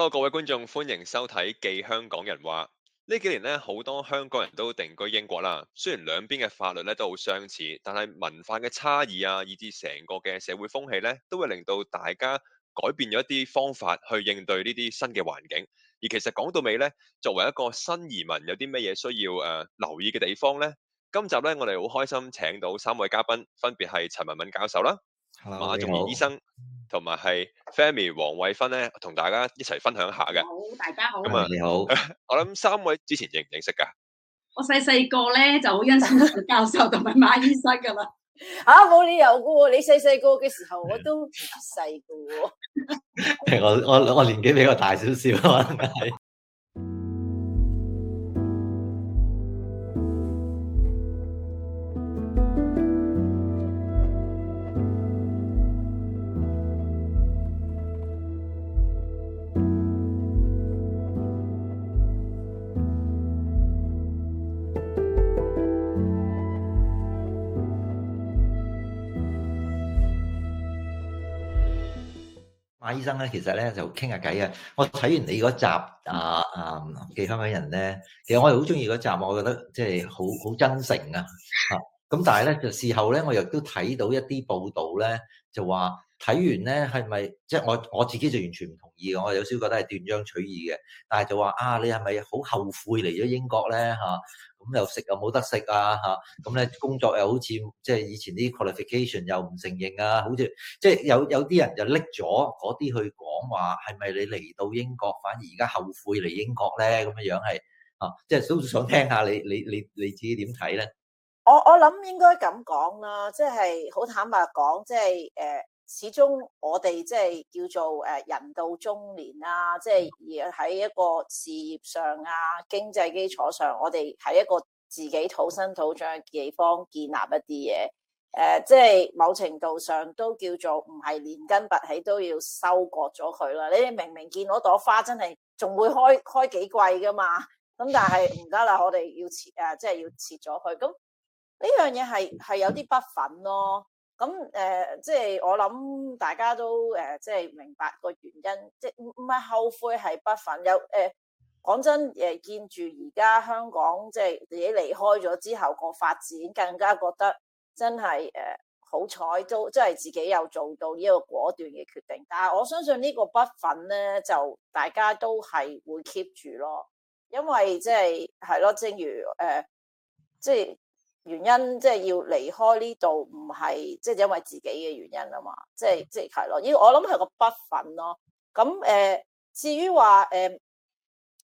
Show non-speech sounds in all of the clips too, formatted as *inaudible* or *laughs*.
多各位觀眾，歡迎收睇《記香港人話》。呢幾年咧，好多香港人都定居英國啦。雖然兩邊嘅法律咧都好相似，但係文化嘅差異啊，以至成個嘅社會風氣咧，都會令到大家改變咗一啲方法去應對呢啲新嘅環境。而其實講到尾咧，作為一個新移民，有啲乜嘢需要誒、呃、留意嘅地方咧？今集咧，我哋好開心請到三位嘉賓，分別係陳文敏教授啦，馬仲儀醫生。同埋係 Fanny 王惠芬咧，同大家一齊分享下嘅。好，大家好。咁啊麼，你好。 *laughs* 我諗三位之前認唔認識噶？我細細個咧就好欣賞陳教授同埋馬醫生噶啦。吓、 *laughs* 啊，冇理由噶喎！你細細個嘅時候我 *laughs* *laughs* 我，我都細個喎。我我我年紀比較大少少啊，係。醫生咧，其實咧就傾下偈啊！我睇完你嗰集啊啊記香港人咧，其實我哋好中意嗰集，我覺得即係好好真誠啊！咁、啊、但係咧，就事後咧，我又都睇到一啲報道咧，就話。睇完咧，係咪即係我我自己就完全唔同意嘅？我有少覺得係斷章取義嘅、啊，但係就話啊，你係咪好後悔嚟咗英國咧？吓，咁又食又冇得食啊？吓咁咧，工作又好似即係以前啲 qualification 又唔承認啊？好似即係有有啲人就拎咗嗰啲去講話，係咪你嚟到英國反而而家後悔嚟英國咧？咁樣樣係啊，即係都想聽下你你你你自己點睇咧？我我諗應該咁講啦，即係好坦白講，即係誒。始終我哋即係叫做誒，人到中年啊，即係喺一個事業上啊，經濟基礎上，我哋喺一個自己土生土長嘅地方建立一啲嘢。誒，即係某程度上都叫做唔係連根拔起都要收割咗佢啦。你哋明明見嗰朵花真係仲會開開幾季噶嘛？咁但係唔得啦，我哋要切誒，即係要切咗佢。咁呢樣嘢係係有啲不忿咯。咁誒、呃，即係我諗大家都誒，即、呃、係明白個原因，即係唔唔係後悔係不忿。有誒講、呃、真誒、呃，見住而家香港即係自己離開咗之後個發展，更加覺得真係誒好彩都即係自己有做到呢個果斷嘅決定。但係我相信呢個不忿咧，就大家都係會 keep 住咯，因為即係係咯，正如誒、呃、即係。原因即係要離開呢度，唔係即係因為自己嘅原因啊嘛，即係即係係咯，因為我諗係個不忿咯。咁誒、呃，至於話誒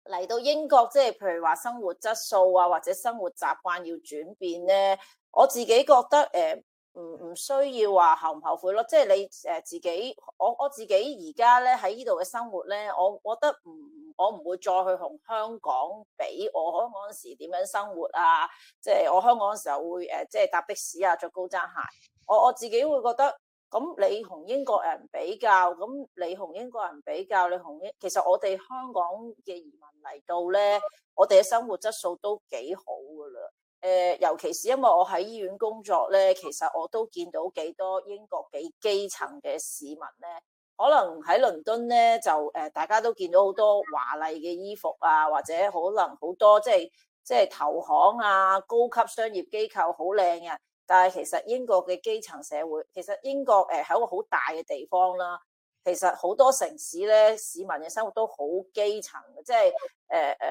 嚟到英國，即係譬如話生活質素啊，或者生活習慣要轉變咧，我自己覺得誒。呃唔唔，需要話後唔後悔咯，即係你誒自己，我我自己而家咧喺呢度嘅生活咧，我覺得唔，我唔會再去同香港比，我香港嗰陣時點樣生活啊，即係我香港嗰時候會誒，即係搭的士啊，着高踭鞋，我我自己會覺得，咁你同英國人比較，咁你同英國人比較，你同英其實我哋香港嘅移民嚟到咧，我哋嘅生活質素都幾好噶啦。誒、呃，尤其是因為我喺醫院工作咧，其實我都見到幾多英國幾基層嘅市民咧，可能喺倫敦咧就誒，大家都見到好多華麗嘅衣服啊，或者可能好多即係即係投行啊，高級商業機構好靚啊。但係其實英國嘅基層社會，其實英國誒係一個好大嘅地方啦。其實好多城市咧，市民嘅生活都好基層嘅，即係誒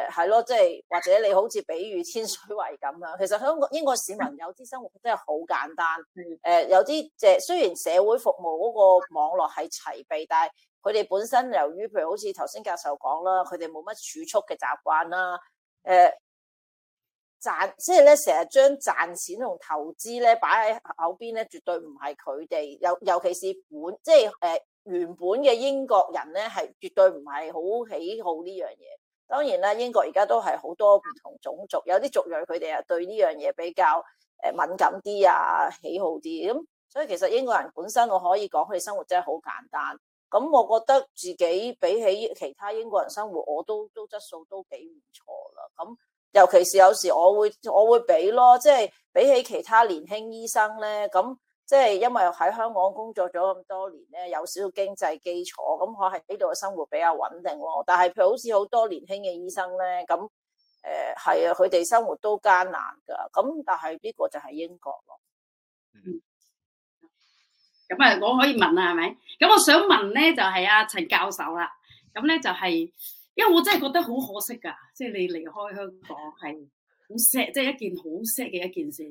誒係咯，即係、呃、或者你好似比喻天水圍咁樣。其實香港、英國市民有啲生活真係好簡單，誒、呃、有啲即係雖然社會服務嗰個網絡係齊備，但係佢哋本身由於譬如好似頭先教授講啦，佢哋冇乜儲蓄嘅習慣啦，誒、呃、賺即係咧成日將賺錢同投資咧擺喺口邊咧，絕對唔係佢哋，尤尤其是本即係誒。呃原本嘅英國人咧，係絕對唔係好喜好呢樣嘢。當然啦，英國而家都係好多唔同種族，有啲族裔佢哋又對呢樣嘢比較誒敏感啲啊，喜好啲咁。所以其實英國人本身，我可以講佢哋生活真係好簡單。咁我覺得自己比起其他英國人生活，我都都質素都幾唔錯啦。咁尤其是有時我會我會比咯，即係比起其他年輕醫生咧咁。即係因為喺香港工作咗咁多年咧，有少少經濟基礎，咁我喺呢度嘅生活比較穩定咯。但係佢好似好多年輕嘅醫生咧，咁誒係啊，佢哋生活都艱難噶。咁但係呢個就係英國咯。嗯，咁 *noise* 啊樂，我可以問啊，係咪？咁我想問咧，就係阿陳教授啦。咁咧就係，因為我真係覺得好可惜噶，即係你離開香港係好 sad，即係一件好 sad 嘅一件事，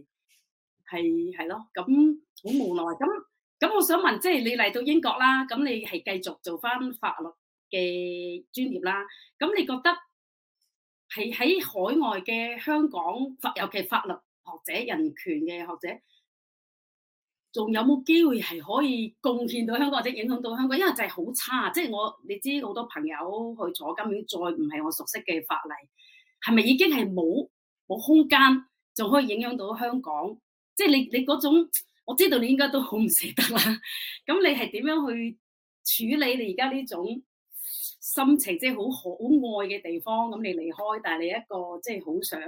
係係咯，咁。好無奈咁咁，我想問，即係你嚟到英國啦，咁你係繼續做翻法律嘅專業啦。咁你覺得係喺海外嘅香港法，尤其法律學者、人權嘅學者，仲有冇機會係可以貢獻到香港或者影響到香港？因為就係好差，即係我你知好多朋友去坐金院，再唔係我熟悉嘅法例，係咪已經係冇冇空間，仲可以影響到香港？即係你你嗰種。我知道你應該都好唔捨得啦，咁 *laughs* 你係點樣去處理你而家呢種心情，即係好好愛嘅地方，咁你離開，但係你一個即係好想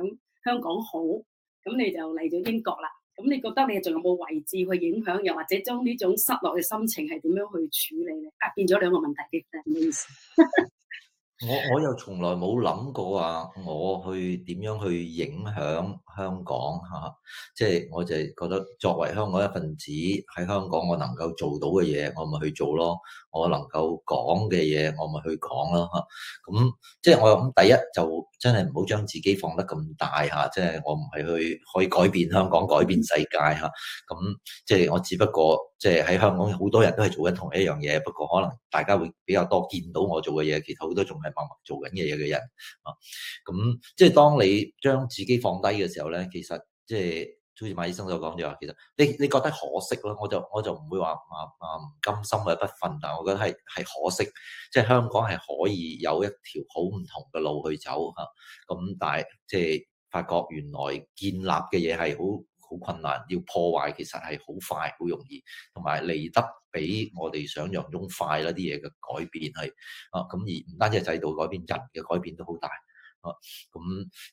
香港好，咁你就嚟咗英國啦。咁你覺得你仲有冇位置去影響，又或者將呢種失落嘅心情係點樣去處理咧？啊，變咗兩個問題嘅，唔好意思。我我又從來冇諗過啊，我去點樣去影響香港吓，即係我就係覺得作為香港一份子，喺香港我能夠做到嘅嘢，我咪去做咯；我能夠講嘅嘢，我咪去講咯吓。咁即係我又諗第一就。真係唔好將自己放得咁大吓，即係我唔係去可以改變香港、改變世界吓，咁即係我只不過即係喺香港好多人都係做緊同一樣嘢，不過可能大家會比較多見到我做嘅嘢，其實好多仲係默默做緊嘅嘢嘅人啊，咁即係當你將自己放低嘅時候咧，其實即係。好似馬醫生所講就話，其實你你覺得可惜咯，我就我就唔會話啊啊唔甘心或者不忿，但係我覺得係係可惜，即、就、係、是、香港係可以有一條好唔同嘅路去走吓，咁、嗯、但係即係發覺原來建立嘅嘢係好好困難，要破壞其實係好快好容易，同埋嚟得比我哋想像中快啦啲嘢嘅改變係啊，咁、嗯、而唔單止係制度改變，人嘅改變都好大。啊，咁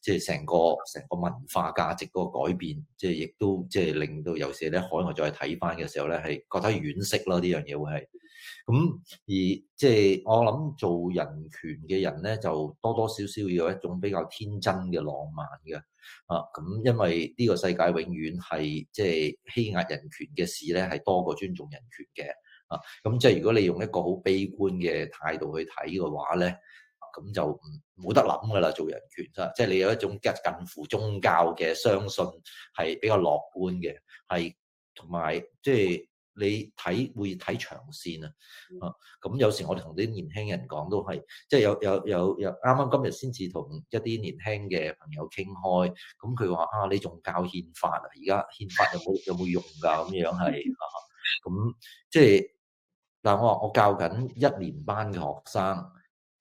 即係成個成個文化價值嗰個改變，即係亦都即係令到，有時咧，海外再睇翻嘅時候咧，係覺得惋惜咯。呢樣嘢會係咁而即係我諗，做人權嘅人咧，就多多少少有一種比較天真嘅浪漫嘅啊。咁因為呢個世界永遠係即係欺壓人權嘅事咧，係多過尊重人權嘅啊。咁即係如果你用一個好悲觀嘅態度去睇嘅話咧，咁就唔冇得諗噶啦，做人權啫，即係你有一種近乎宗教嘅相信，係比較樂觀嘅，係同埋即係你睇會睇長線啊。啊，咁有時我哋同啲年輕人講都係，即係有有有有啱啱今日先至同一啲年輕嘅朋友傾開，咁佢話啊，你仲教憲法啊？而家憲法有冇有冇用㗎？咁樣係啊，咁即係，但係我話我教緊一年班嘅學生。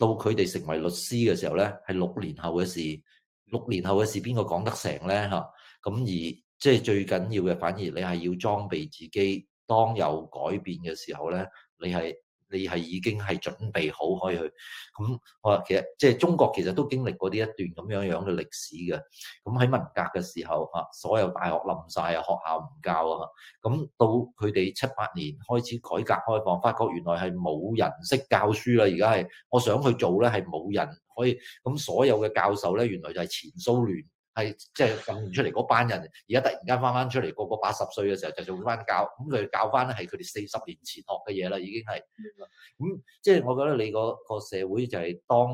到佢哋成為律師嘅時候咧，係六年後嘅事。六年後嘅事，邊個講得成咧？嚇！咁而即係最緊要嘅，反而你係要裝備自己。當有改變嘅時候咧，你係。你係已經係準備好可以去，咁我話其實即係中國其實都經歷過呢一段咁樣樣嘅歷史嘅，咁喺文革嘅時候啊，所有大學冧晒，啊，學校唔教啊，咁到佢哋七八年開始改革開放，發覺原來係冇人識教書啦，而家係我想去做咧，係冇人可以，咁所有嘅教授咧原來就係前蘇聯。係即係訓唔出嚟嗰班人，而家突然間翻翻出嚟，個個八十歲嘅時候就做翻教，咁佢教翻咧係佢哋四十年前學嘅嘢啦，已經係，咁即係我覺得你個社會就係當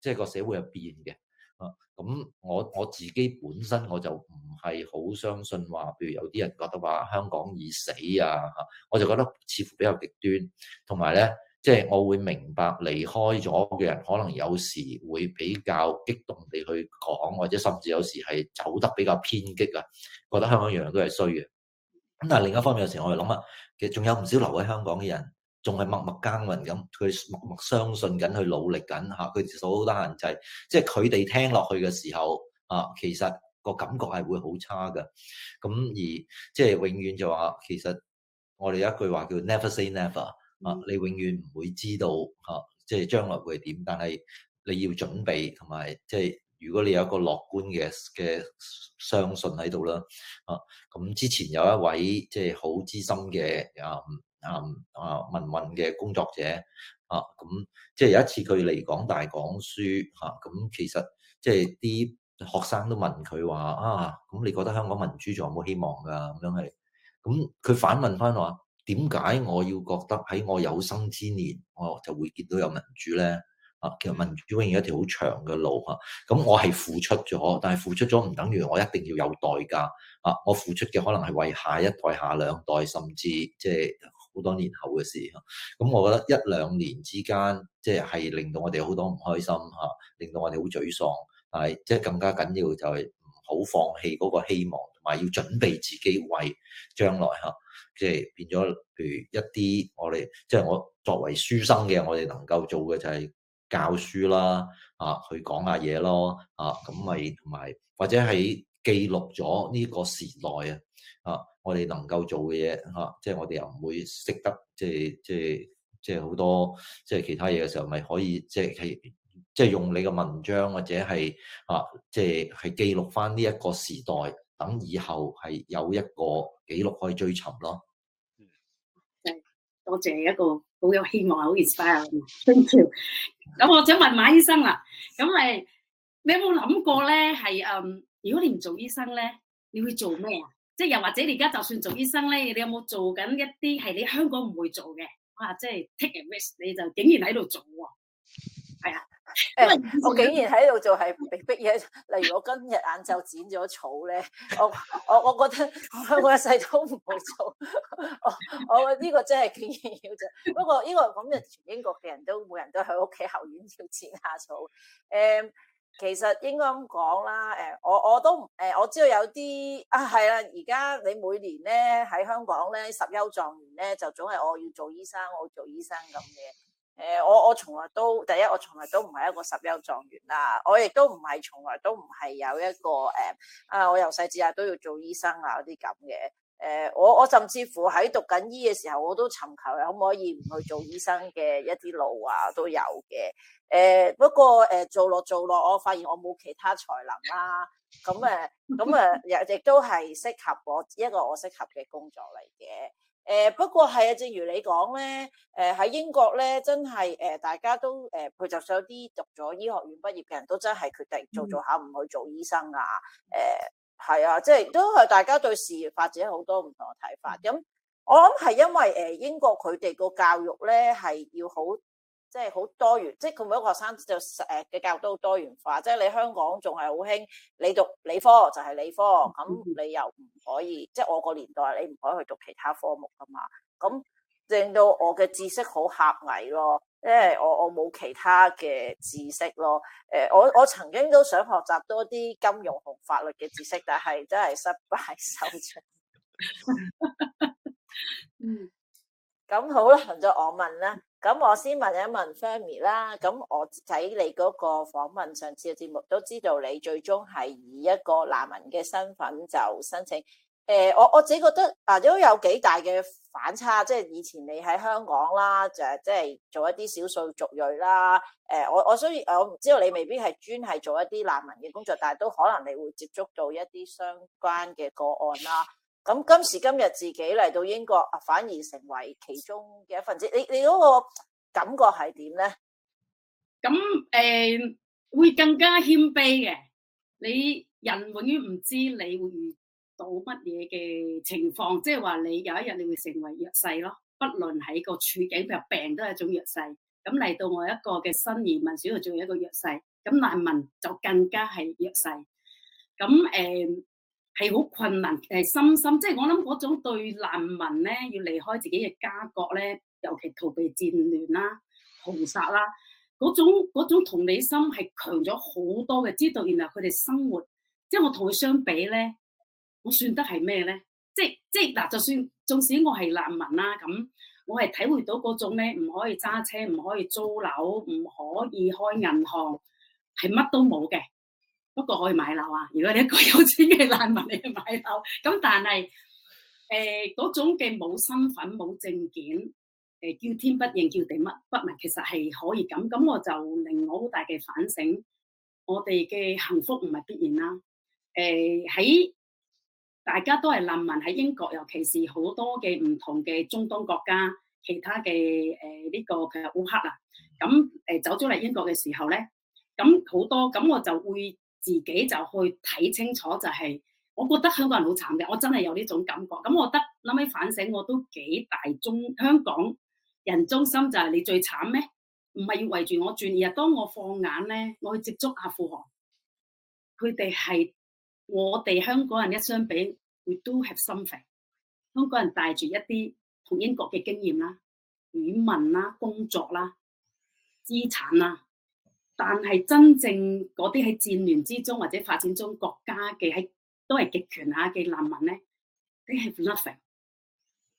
即係、就是、個社會係變嘅，啊，咁我我自己本身我就唔係好相信話，譬如有啲人覺得話香港已死啊，我就覺得似乎比較極端，同埋咧。即係我會明白離開咗嘅人，可能有時會比較激動地去講，或者甚至有時係走得比較偏激啊，覺得香港樣樣都係衰嘅。咁但係另一方面，有時我哋諗啊，其實仲有唔少留喺香港嘅人，仲係默默耕耘咁，佢默默相信緊，佢努力緊吓，佢哋有好多限制，即係佢哋聽落去嘅時候啊，其實個感覺係會好差㗎。咁而即係永遠就話，其實我哋有一句話叫 Never say never。啊！你永遠唔會知道嚇，即係將來會點。但係你要準備同埋，即係如果你有一個樂觀嘅嘅相信喺度啦。啊！咁之前有一位即係好資深嘅，啊啊啊文運嘅工作者啊，咁即係有一次佢嚟港大講書嚇，咁、啊、其實即係啲學生都問佢話啊，咁你覺得香港民主仲有冇希望㗎？咁樣係，咁佢反問翻話。點解我要覺得喺我有生之年，我就會見到有民主咧？啊，其實民主永遠一條好長嘅路嚇。咁我係付出咗，但係付出咗唔等於我一定要有代價啊！我付出嘅可能係為下一代、下兩代，甚至即係好多年後嘅事。咁我覺得一兩年之間，即係係令到我哋好多唔開心嚇，令到我哋好沮喪。但係即係更加緊要就係唔好放棄嗰個希望，同埋要準備自己為將來嚇。即係變咗，譬如一啲我哋即係我作為書生嘅，我哋能夠做嘅就係教書啦，啊去講下嘢咯，啊咁咪同埋或者係記錄咗呢個時代啊，啊我哋能夠做嘅嘢，吓即係我哋又唔會識得，即係即係即係好多即係其他嘢嘅時候，咪可以即係即係用你嘅文章或者係啊即係記錄返呢一個時代。等以後係有一個記錄可以追尋咯。多謝一個好有希望、好 inspire。Thank you，咁我想問馬醫生啦。咁誒，你有冇諗過咧？係誒、嗯，如果你唔做醫生咧，你會做咩啊？即係又或者你而家就算做醫生咧，你有冇做緊一啲係你香港唔會做嘅？哇、啊！即係 take a risk，你就竟然喺度做喎。係啊。誒、嗯，我竟然喺度做係被逼嘢，例如我今日晏晝剪咗草咧，我我我覺得我一世都唔會做，我呢個真係竟然要做。不過呢個咁嘅全英國嘅人都每人都喺屋企後院要剪下草。誒、嗯，其實應該咁講啦，誒，我我都誒我知道有啲啊係啦，而家你每年咧喺香港咧十優狀元咧就總係我要做醫生，我要做醫生咁嘅。誒，我我從來都第一，我從來都唔係一個十優狀元啦，我亦都唔係從來都唔係有一個誒啊，我由細至大都要做醫生啊嗰啲咁嘅。誒，我我甚至乎喺讀緊醫嘅時候，我都尋求可唔可以唔去做醫生嘅一啲路啊，都有嘅。誒，不過誒做落做落，我發現我冇其他才能啦。咁誒，咁誒，亦亦都係適合我一個我適合嘅工作嚟嘅。誒、呃，不過係啊，正如你講咧，誒、呃、喺英國咧，真係誒、呃，大家都誒，佢、呃、就有啲讀咗醫學院畢業嘅人都真係決定做做下唔、嗯、去做醫生啊，誒、呃、係啊，即係都係大家對事業發展好多唔同嘅睇法。咁、嗯、我諗係因為誒、呃、英國佢哋個教育咧係要好。即係好多元，即係佢每一個學生就誒嘅教育都好多元化。即係你香港仲係好興你讀理科就係理科，咁你又唔可以即係我個年代你唔可以去讀其他科目噶嘛？咁令到我嘅知識好狹隘咯，因為我我冇其他嘅知識咯。誒，我我曾經都想學習多啲金融同法律嘅知識，但係真係失敗收場。 *laughs* *laughs* *laughs* 嗯，咁好啦，就我問啦。咁我先問一問 Fermi 啦。咁我睇你嗰個訪問上次嘅節目，都知道你最終係以一個難民嘅身份就申請。誒、呃，我我自己覺得啊，都、呃、有幾大嘅反差。即係以前你喺香港啦，就係即係做一啲少數族裔啦。誒、呃，我我雖然我唔知道你未必係專係做一啲難民嘅工作，但係都可能你會接觸到一啲相關嘅個案啦。咁今時今日自己嚟到英國啊，反而成為其中嘅一份子。你你嗰個感覺係點咧？咁誒，會更加謙卑嘅。你人永遠唔知你會遇到乜嘢嘅情況，即係話你有一日你會成為弱勢咯。不論喺個處境，譬如病都係一種弱勢。咁嚟到我一個嘅新移民，小度仲有一個弱勢。咁難民就更加係弱勢。咁誒。係好困難，係深深，即係我諗嗰種對難民咧，要離開自己嘅家國咧，尤其逃避戰亂啦、啊、屠殺啦，嗰種嗰種同理心係強咗好多嘅。知道原來佢哋生活，即係我同佢相比咧，我算得係咩咧？即係即係嗱，就算縱使我係難民啦、啊，咁我係體會到嗰種咧，唔可以揸車，唔可以租樓，唔可以開銀行，係乜都冇嘅。不過可以買樓啊！如果你一個有錢嘅難民嚟買樓咁但係誒嗰種嘅冇身份、冇證件，誒叫天不應，叫地乜不民，其實係可以咁。咁我就令我好大嘅反省，我哋嘅幸福唔係必然啦。誒喺大家都係難民喺英國，尤其是好多嘅唔同嘅中東國家、其他嘅誒呢個嘅烏克蘭，咁誒走咗嚟英國嘅時候咧，咁好多咁我就會。自己就去睇清楚、就是，就係我覺得香港人好慘嘅，我真係有呢種感覺。咁我覺得諗起反省，我都幾大中香港人中心就係你最慘咩？唔係要圍住我轉，而當我放眼咧，我去接觸阿富汗，佢哋係我哋香港人一相比，佢都係心肥。香港人帶住一啲同英國嘅經驗啦、語文啦、工作啦、資產啦。但係真正嗰啲喺戰亂之中或者發展中國家嘅，喺都係極權下嘅難民咧，佢係 nothing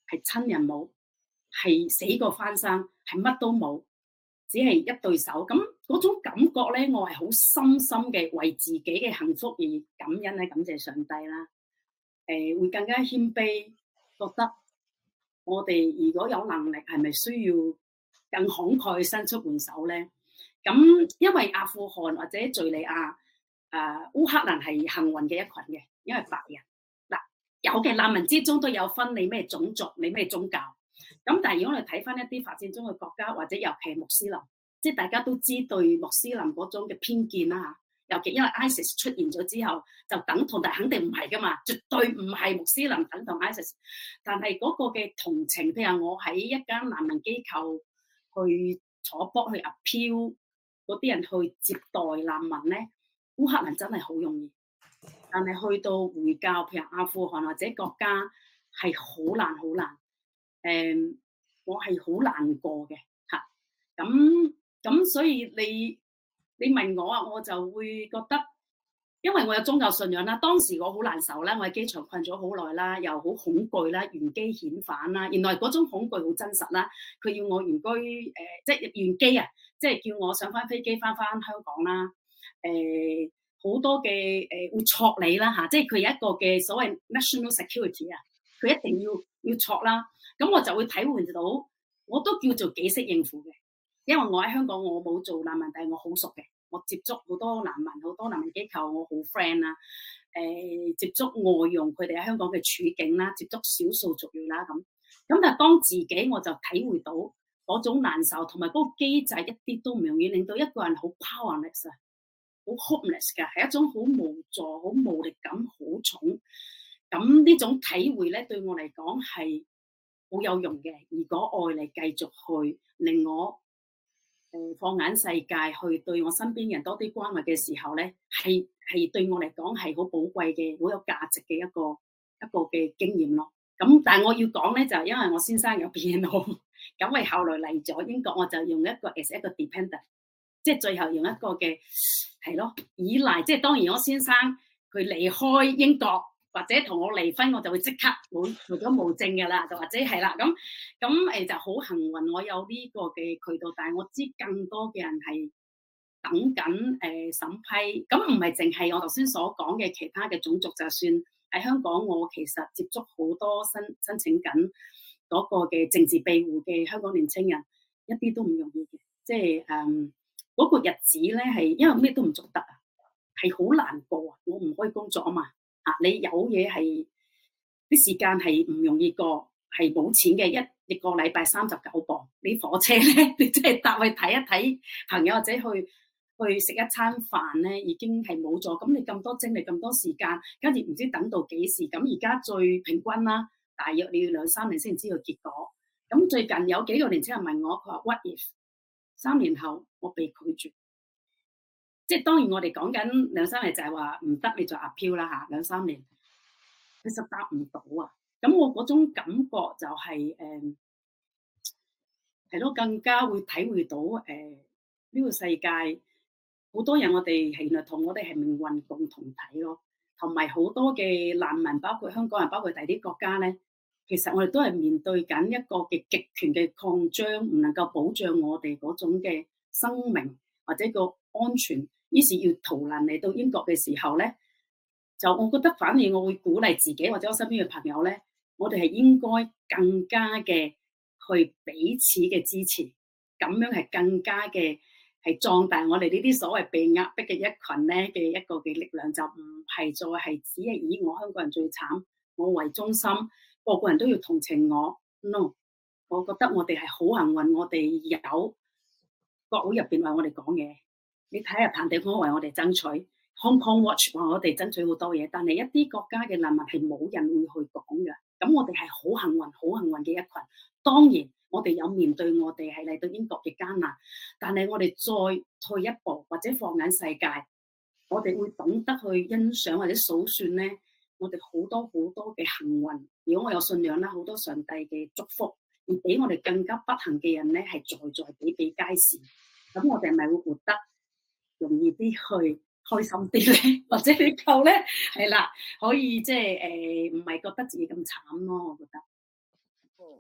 係親人冇，係死過翻生，係乜都冇，只係一對手。咁嗰種感覺咧，我係好深深嘅為自己嘅幸福而感恩咧，感謝上帝啦。誒、呃，會更加謙卑，覺得我哋如果有能力，係咪需要更慷慨，伸出援手咧？咁，因為阿富汗或者敍利亞、誒、呃、烏克蘭係幸運嘅一群嘅，因為白人嗱，有嘅難民之中都有分你咩種族，你咩宗教。咁但係如果我哋睇翻一啲發展中嘅國家，或者尤其係穆斯林，即係大家都知對穆斯林嗰種嘅偏見啦。尤其因為 ISIS 出現咗之後，就等同，但肯定唔係噶嘛，絕對唔係穆斯林等同 ISIS。但係嗰個嘅同情，譬如我喺一間難民機構去坐波去 appeal。嗰啲人去接待難民咧，烏克蘭真係好容易，但係去到回教，譬如阿富汗或者國家，係好難好難。誒、嗯，我係好難過嘅嚇。咁咁，所以你你問我啊，我就會覺得。因為我有宗教信仰啦，當時我好難受啦，我喺機場困咗好耐啦，又好恐懼啦，原機遣返啦，原來嗰種恐懼好真實啦。佢要我原居誒、呃，即係原機、呃呃、啊，即係叫我上翻飛機翻翻香港啦。誒，好多嘅誒會捉你啦嚇，即係佢有一個嘅所謂 national security 啊，佢一定要要捉啦。咁我就會體會到，我都叫做幾識應付嘅，因為我喺香港，我冇做難民，但係我好熟嘅。我接觸好多難民，好多難民機構，我好 friend 啦、啊。誒、欸，接觸外傭佢哋喺香港嘅處境啦、啊，接觸少數族裔啦咁。咁但係當自己我就體會到嗰種難受，同埋嗰個機制一啲都唔容易，令到一個人好 powerless，啊，好 hopeless 嘅，係一種好無助、好無力感好重。咁呢種體會咧，對我嚟講係好有用嘅。如果愛嚟繼續去，令我。誒，放眼世界去對我身邊人多啲關懷嘅時候咧，係係對我嚟講係好寶貴嘅，好有價值嘅一個一個嘅經驗咯。咁但係我要講咧，就係、是、因為我先生有變好，咁 *laughs* 我後來嚟咗英國，我就用一個，as 一個 dependent，即係最後用一個嘅係咯，依賴。即係當然我先生佢離開英國，或者同我離婚，我就會即刻攞如果無證嘅啦，就或者係啦咁咁誒，就好幸運，我有呢個嘅渠道。但係我知更多嘅人係等緊誒、呃、審批，咁唔係淨係我頭先所講嘅其他嘅種族，就算喺香港，我其實接觸好多申申請緊嗰個嘅政治庇護嘅香港年青人，一啲都唔容易嘅，即係誒嗰個日子咧係因為咩都唔做得啊，係好難過啊，我唔可以工作啊嘛。啊！你有嘢係啲時間係唔容易過，係冇錢嘅，一一個禮拜三十九磅。你火車咧，你真係搭去睇一睇朋友或者去去食一餐飯咧，已經係冇咗。咁你咁多精力咁多時間，跟住唔知等到幾時。咁而家最平均啦，大約你要兩三年先知道結果。咁最近有幾個年輕人問我，佢話：what if 三年後我被拒絕？即係當然我講兩，我哋講緊兩三年就係話唔得，你就 up 票啦吓，兩三年其實達唔到啊。咁我嗰種感覺就係、是、誒，係、嗯、咯，更加會體會到誒呢、嗯這個世界好多人我，原來我哋係同我哋係命運共同體咯，同埋好多嘅難民，包括香港人，包括第啲國家咧，其實我哋都係面對緊一個嘅極權嘅擴張，唔能夠保障我哋嗰種嘅生命。或者個安全，於是要逃難嚟到英國嘅時候咧，就我覺得反而我會鼓勵自己或者我身邊嘅朋友咧，我哋係應該更加嘅去彼此嘅支持，咁樣係更加嘅係壯大我哋呢啲所謂被壓迫嘅一群咧嘅一個嘅力量，就唔係再係只係以我香港人最慘我為中心，個個人都要同情我。No，我覺得我哋係好幸運，我哋有。國會入邊為我哋講嘢，你睇下彭定康為我哋爭取，Hong Kong Watch 話我哋爭取好多嘢，但係一啲國家嘅難民係冇人會去講嘅。咁我哋係好幸運，好幸運嘅一群。當然，我哋有面對我哋係嚟到英國嘅艱難，但係我哋再退一步或者放眼世界，我哋會懂得去欣賞或者數算咧，我哋好多好多嘅幸運。如果我有信仰啦，好多上帝嘅祝福。而俾我哋更加不幸嘅人咧，係在在比比皆是。咁我哋咪會活得容易啲，去開心啲咧，或者你夠咧，係啦，可以即係誒，唔、呃、係覺得自己咁慘咯。我覺得，嗯，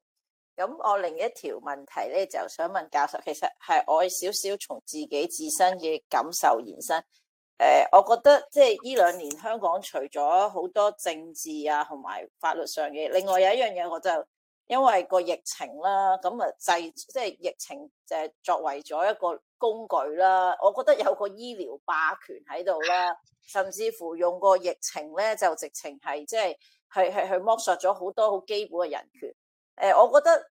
咁我另一條問題咧，就想問教授，其實係我少少從自己自身嘅感受延伸。誒、呃，我覺得即係呢兩年香港除咗好多政治啊，同埋法律上嘅，另外有一樣嘢，我就。因為個疫情啦，咁啊制即係疫情就係作為咗一個工具啦。我覺得有個醫療霸權喺度啦，甚至乎用個疫情咧就直情係即係去係係剝削咗好多好基本嘅人權。誒，我覺得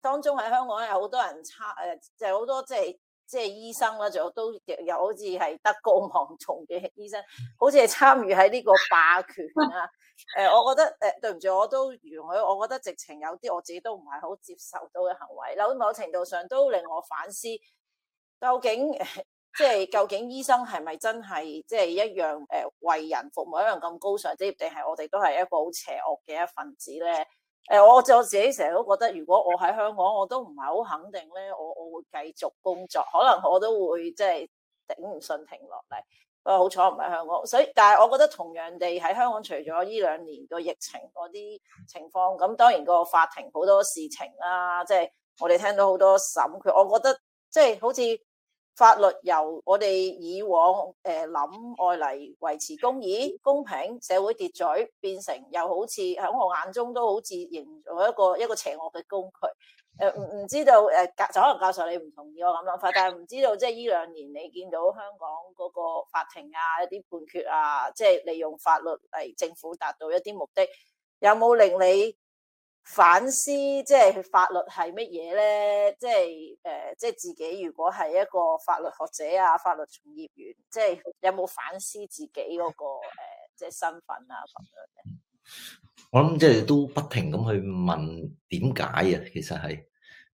當中喺香港有好多人參誒，就好多即係即係醫生啦，仲有都又好似係德高望重嘅醫生，好似係參與喺呢個霸權啊。誒，我覺得誒，對唔住，我都容許。我覺得直情有啲我自己都唔係好接受到嘅行為，喺某程度上都令我反思，究竟即係、就是、究竟醫生係咪真係即係一樣誒，為人服務一樣咁高尚職業，定係我哋都係一個好邪惡嘅一份子咧？誒，我就我自己成日都覺得，如果我喺香港，我都唔係好肯定咧，我我會繼續工作，可能我都會即係頂唔順停落嚟。啊！好彩唔係香港，所以但係我覺得同樣地喺香港，除咗呢兩年個疫情嗰啲情況，咁當然個法庭好多事情啊，即係我哋聽到好多審佢，我覺得即係好似法律由我哋以往誒諗愛嚟維持公義、公平、社會秩序，變成又好似喺我眼中都好似形成一個一個邪惡嘅工具。誒，唔唔知道誒，就可能教授你唔同意我咁諗法，但係唔知道即係呢兩年你見到香港嗰個法庭啊，一啲判決啊，即係利用法律嚟政府達到一啲目的，有冇令你反思即係法律係乜嘢咧？即係誒，即係自己如果係一個法律學者啊，法律從業員，即係有冇反思自己嗰個誒即係身份啊，咁樣嘅？我諗即係都不停咁去問點解啊？其實係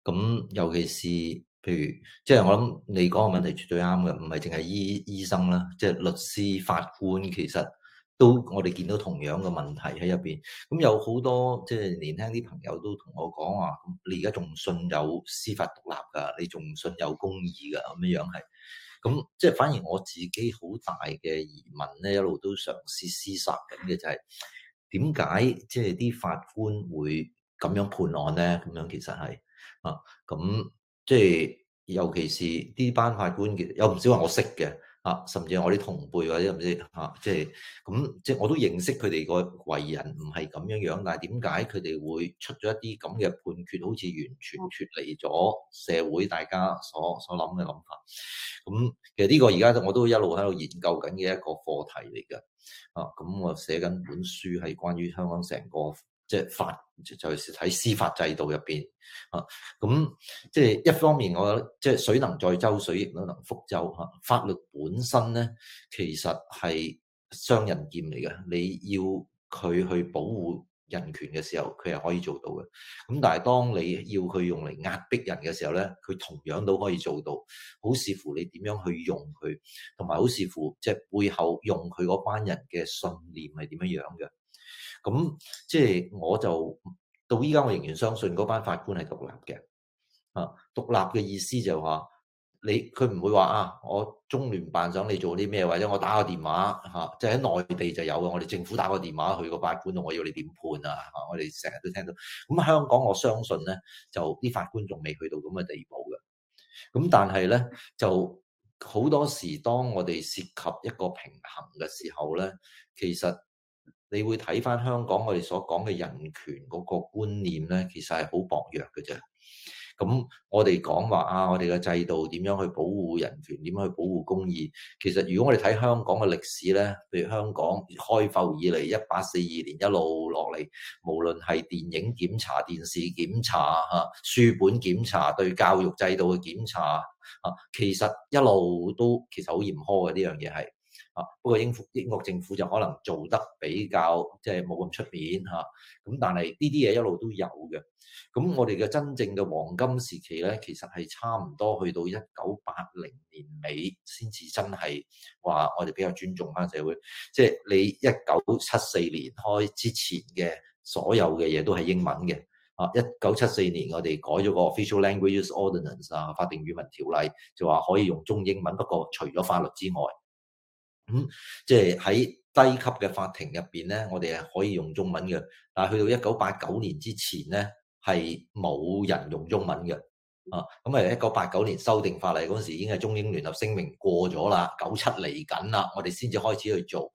咁，尤其是譬如即係我諗你講嘅問題絕對啱嘅，唔係淨係醫醫生啦，即係律師、法官，其實都我哋見到同樣嘅問題喺入邊。咁有好多即係年輕啲朋友都同我講話、啊，咁你而家仲信有司法獨立噶？你仲信有公義噶？咁樣樣係咁，即係反而我自己好大嘅疑問咧，一路都嘗試思索緊嘅就係。點解即係啲法官會咁樣判案呢？咁樣其實係啊，咁即係尤其是呢班法官，有唔少我認識嘅。啊，甚至我啲同輩或者唔知，吓，即係咁，即係我都認識佢哋個為人唔係咁樣樣，但係點解佢哋會出咗一啲咁嘅判決，好似完全脫離咗社會大家所所諗嘅諗法？咁其實呢個而家我都一路喺度研究緊嘅一個課題嚟嘅。啊，咁我寫緊本書係關於香港成個。即係法就係喺司法制度入邊啊，咁即係一方面我覺得即係水能載舟，水亦都能覆舟嚇。法律本身咧，其實係雙刃劍嚟嘅。你要佢去保護人權嘅時候，佢係可以做到嘅。咁但係當你要佢用嚟壓迫人嘅時候咧，佢同樣都可以做到。好視乎你點樣去用佢，同埋好視乎即係背後用佢嗰班人嘅信念係點樣樣嘅。咁即係我就到依家，我仍然相信嗰班法官係獨立嘅。啊，獨立嘅意思就係話你佢唔會話啊，我中聯辦想你做啲咩，或者我打個電話吓，即係喺內地就有嘅。我哋政府打個電話去個法官度，我要你點判啊？吓，我哋成日都聽到。咁香港我相信咧，就啲法官仲未去到咁嘅地步嘅。咁但係咧，就好多時當我哋涉及一個平衡嘅時候咧，其實。你會睇翻香港我哋所講嘅人權嗰個觀念咧，其實係好薄弱嘅啫。咁我哋講話啊，我哋嘅制度點樣去保護人權，點樣去保護公義？其實如果我哋睇香港嘅歷史咧，譬如香港開埠以嚟，一八四二年一路落嚟，無論係電影檢查、電視檢查、吓書本檢查，對教育制度嘅檢查，吓其實一路都其實好嚴苛嘅，呢樣嘢係。不過英服英國政府就可能做得比較即係冇咁出面吓，咁但係呢啲嘢一路都有嘅。咁我哋嘅真正嘅黃金時期咧，其實係差唔多去到一九八零年尾先至真係話我哋比較尊重返社會，即係你一九七四年開之前嘅所有嘅嘢都係英文嘅。啊，一九七四年我哋改咗個 Official Languages Ordinance 啊，法定語文條例就話可以用中英文，不過除咗法律之外。咁即係喺低級嘅法庭入邊咧，我哋係可以用中文嘅。但係去到一九八九年之前咧，係冇人用中文嘅。啊，咁啊一九八九年修訂法例嗰時已經係中英聯合聲明過咗啦，九七嚟緊啦，我哋先至開始去做。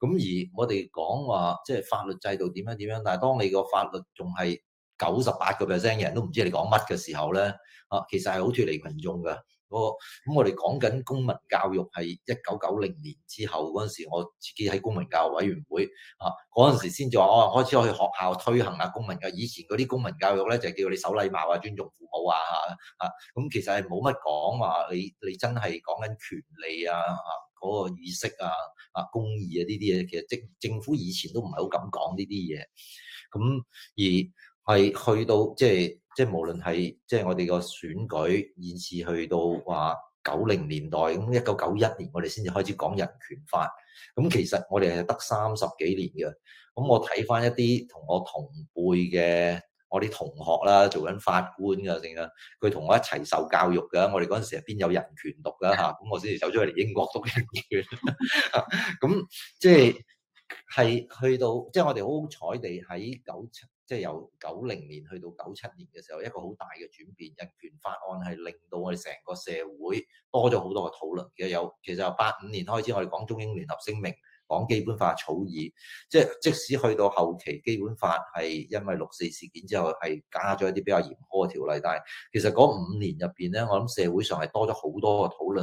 咁、啊、而我哋講話即係法律制度點樣點樣，但係當你個法律仲係九十八個 percent 嘅人都唔知你講乜嘅時候咧，啊，其實係好脫離群眾㗎。個咁，我哋講緊公民教育係一九九零年之後嗰陣時，我自己喺公民教育委員會啊，嗰陣時先至話哦，開始去學校推行下公民嘅。以前嗰啲公民教育咧，就叫你守禮貌啊、尊重父母啊啊。咁、啊啊、其實係冇乜講話，你你真係講緊權利啊、嗰、啊嗰個意識啊、啊公義啊呢啲嘢，其實政政府以前都唔係好敢講呢啲嘢。咁、啊、而係去到即係。即係無論係即係我哋個選舉現時去到話九零年代，咁一九九一年我哋先至開始講人權法，咁其實我哋係得三十幾年嘅。咁我睇返一啲同我同輩嘅我啲同學啦，做緊法官㗎，定㗎，佢同我一齊受教育㗎。我哋嗰陣時邊有人權讀㗎吓？咁我先至走咗去嚟英國讀人權。咁 *laughs* *laughs* 即係係去到，即係我哋好好彩地喺九七。即係由九零年去到九七年嘅時候，一個好大嘅轉變，人權法案係令到我哋成個社會多咗好多嘅討論嘅有，其實由八五年開始我哋講中英聯合聲明，講基本法草擬，即係即使去到後期，基本法係因為六四事件之後係加咗一啲比較嚴苛嘅條例，但係其實嗰五年入邊咧，我諗社會上係多咗好多嘅討論，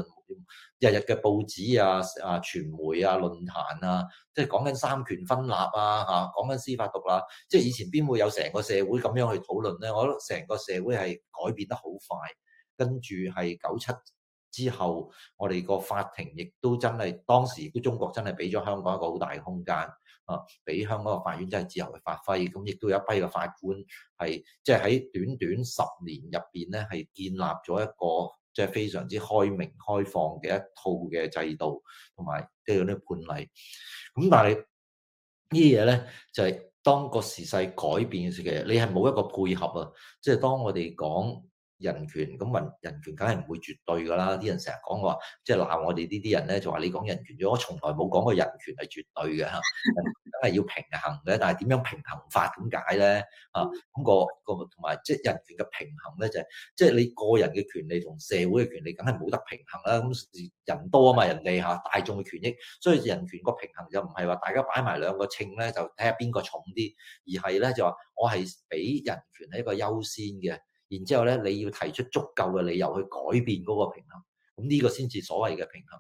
日日嘅報紙啊、啊、傳媒啊、論壇啊，即係講緊三權分立啊、嚇，講緊司法獨立、啊，即係以前邊會有成個社會咁樣去討論咧？我覺得成個社會係改變得好快，跟住係九七。之後，我哋個法庭亦都真係當時，都中國真係俾咗香港一個好大嘅空間啊！俾香港嘅法院真係自由去發揮，咁亦都有一批嘅法官係即係喺短短十年入邊咧，係建立咗一個即係非常之開明開放嘅一套嘅制度同埋啲呢啲判例。咁但係呢啲嘢咧，就係、是、當個時勢改變嘅時候，你係冇一個配合啊！即、就、係、是、當我哋講。人權咁問，人權梗係唔會絕對噶啦。啲人成日講話，即係鬧我哋呢啲人咧，就話、是、你講人權啫。我從來冇講過人權係絕對嘅，梗係要平衡嘅。但係點樣平衡法？點解咧？啊、嗯，咁、那個個同埋即係人權嘅平衡咧，就係即係你個人嘅權利同社會嘅權利，梗係冇得平衡啦。咁人多啊嘛，人哋吓大眾嘅權益，所以人權個平衡就唔係話大家擺埋兩個稱咧，就睇下邊個重啲，而係咧就話我係俾人權係一個優先嘅。然之後咧，你要提出足夠嘅理由去改變嗰個平衡，咁、這、呢個先至所謂嘅平衡。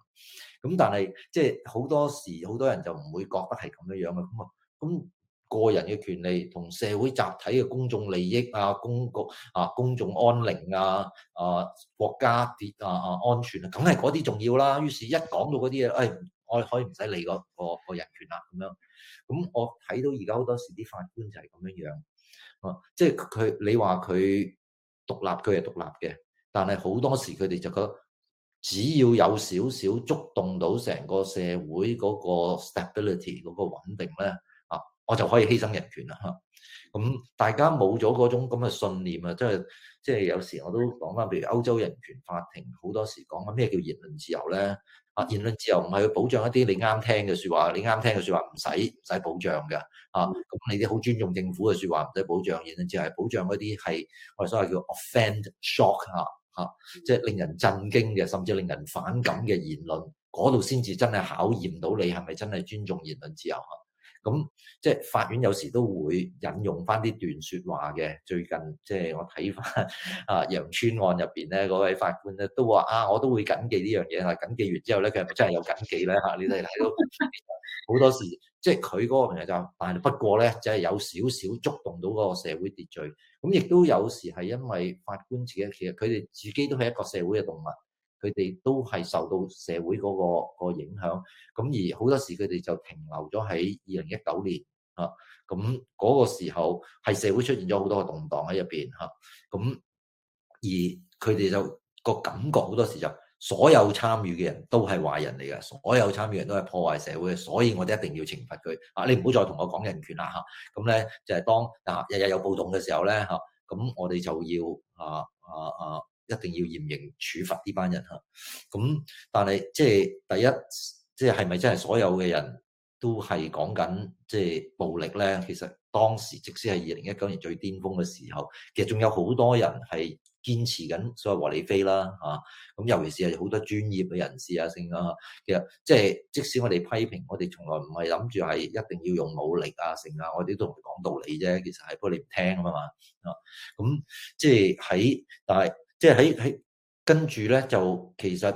咁但係即係好多時，好多人就唔會覺得係咁樣樣嘅咁啊。咁、那個人嘅權利同社會集體嘅公眾利益啊、公共啊、公眾安寧啊、啊國家啲啊啊安全啊，梗係嗰啲重要啦。於是一，一講到嗰啲嘢，誒，我可以唔使理嗰個個,個人權啦，咁樣。咁我睇到而家好多時啲法官就係咁樣樣，啊，即係佢你話佢。獨立，佢係獨立嘅，但係好多時佢哋就覺得，只要有少少觸動到成個社會嗰個 stability 嗰個穩定咧，啊，我就可以犧牲人權啦吓。咁大家冇咗嗰種咁嘅信念啊，即係即係有時我都講翻，譬如歐洲人權法庭好多時講緊咩叫言論自由咧。啊、嗯！言論自由唔係要保障一啲你啱聽嘅説話，你啱聽嘅説話唔使唔使保障嘅。啊，咁你啲好尊重政府嘅説話唔使保障，言論自由係保障嗰啲係我哋所謂叫 offend shock 嚇嚇，即係令人震驚嘅，甚至令人反感嘅言論，嗰度先至真係考驗到你係咪真係尊重言論自由嚇。咁即係法院有時都會引用翻啲段説話嘅。最近即係我睇翻啊楊村案入邊咧，嗰位法官咧都話啊，我都會緊記呢樣嘢。但係緊記完之後咧，佢係咪真係有緊記咧？嚇， *laughs* 你哋睇到好多時，即係佢嗰個其實就但不過咧，就係、是、有少少觸動到個社會秩序。咁亦都有時係因為法官自己，其實佢哋自己都係一個社會嘅動物。佢哋都係受到社會嗰個影響，咁而好多時佢哋就停留咗喺二零一九年啊，咁嗰個時候係社會出現咗好多個動盪喺入邊嚇，咁而佢哋就、個感覺好多時就所有參與嘅人都係壞人嚟嘅，所有參與人都係破壞社會，所以我哋一定要懲罰佢啊！你唔好再同我講人權啦嚇，咁咧就係當啊日日有暴動嘅時候咧嚇，咁我哋就要啊啊啊！啊一定要嚴刑處罰呢班人嚇，咁但係即係第一，即係係咪真係所有嘅人都係講緊即係暴力咧？其實當時即使係二零一九年最巔峰嘅時候，其實仲有好多人係堅持緊所謂和理非啦嚇，咁尤其是係好多專業嘅人士啊，成啊，其實即係即使我哋批評，我哋從來唔係諗住係一定要用武力啊，成啊，我哋都同佢講道理啫。其實係不過你唔聽啊嘛啊，咁即係喺但係。即係喺喺跟住咧，就其實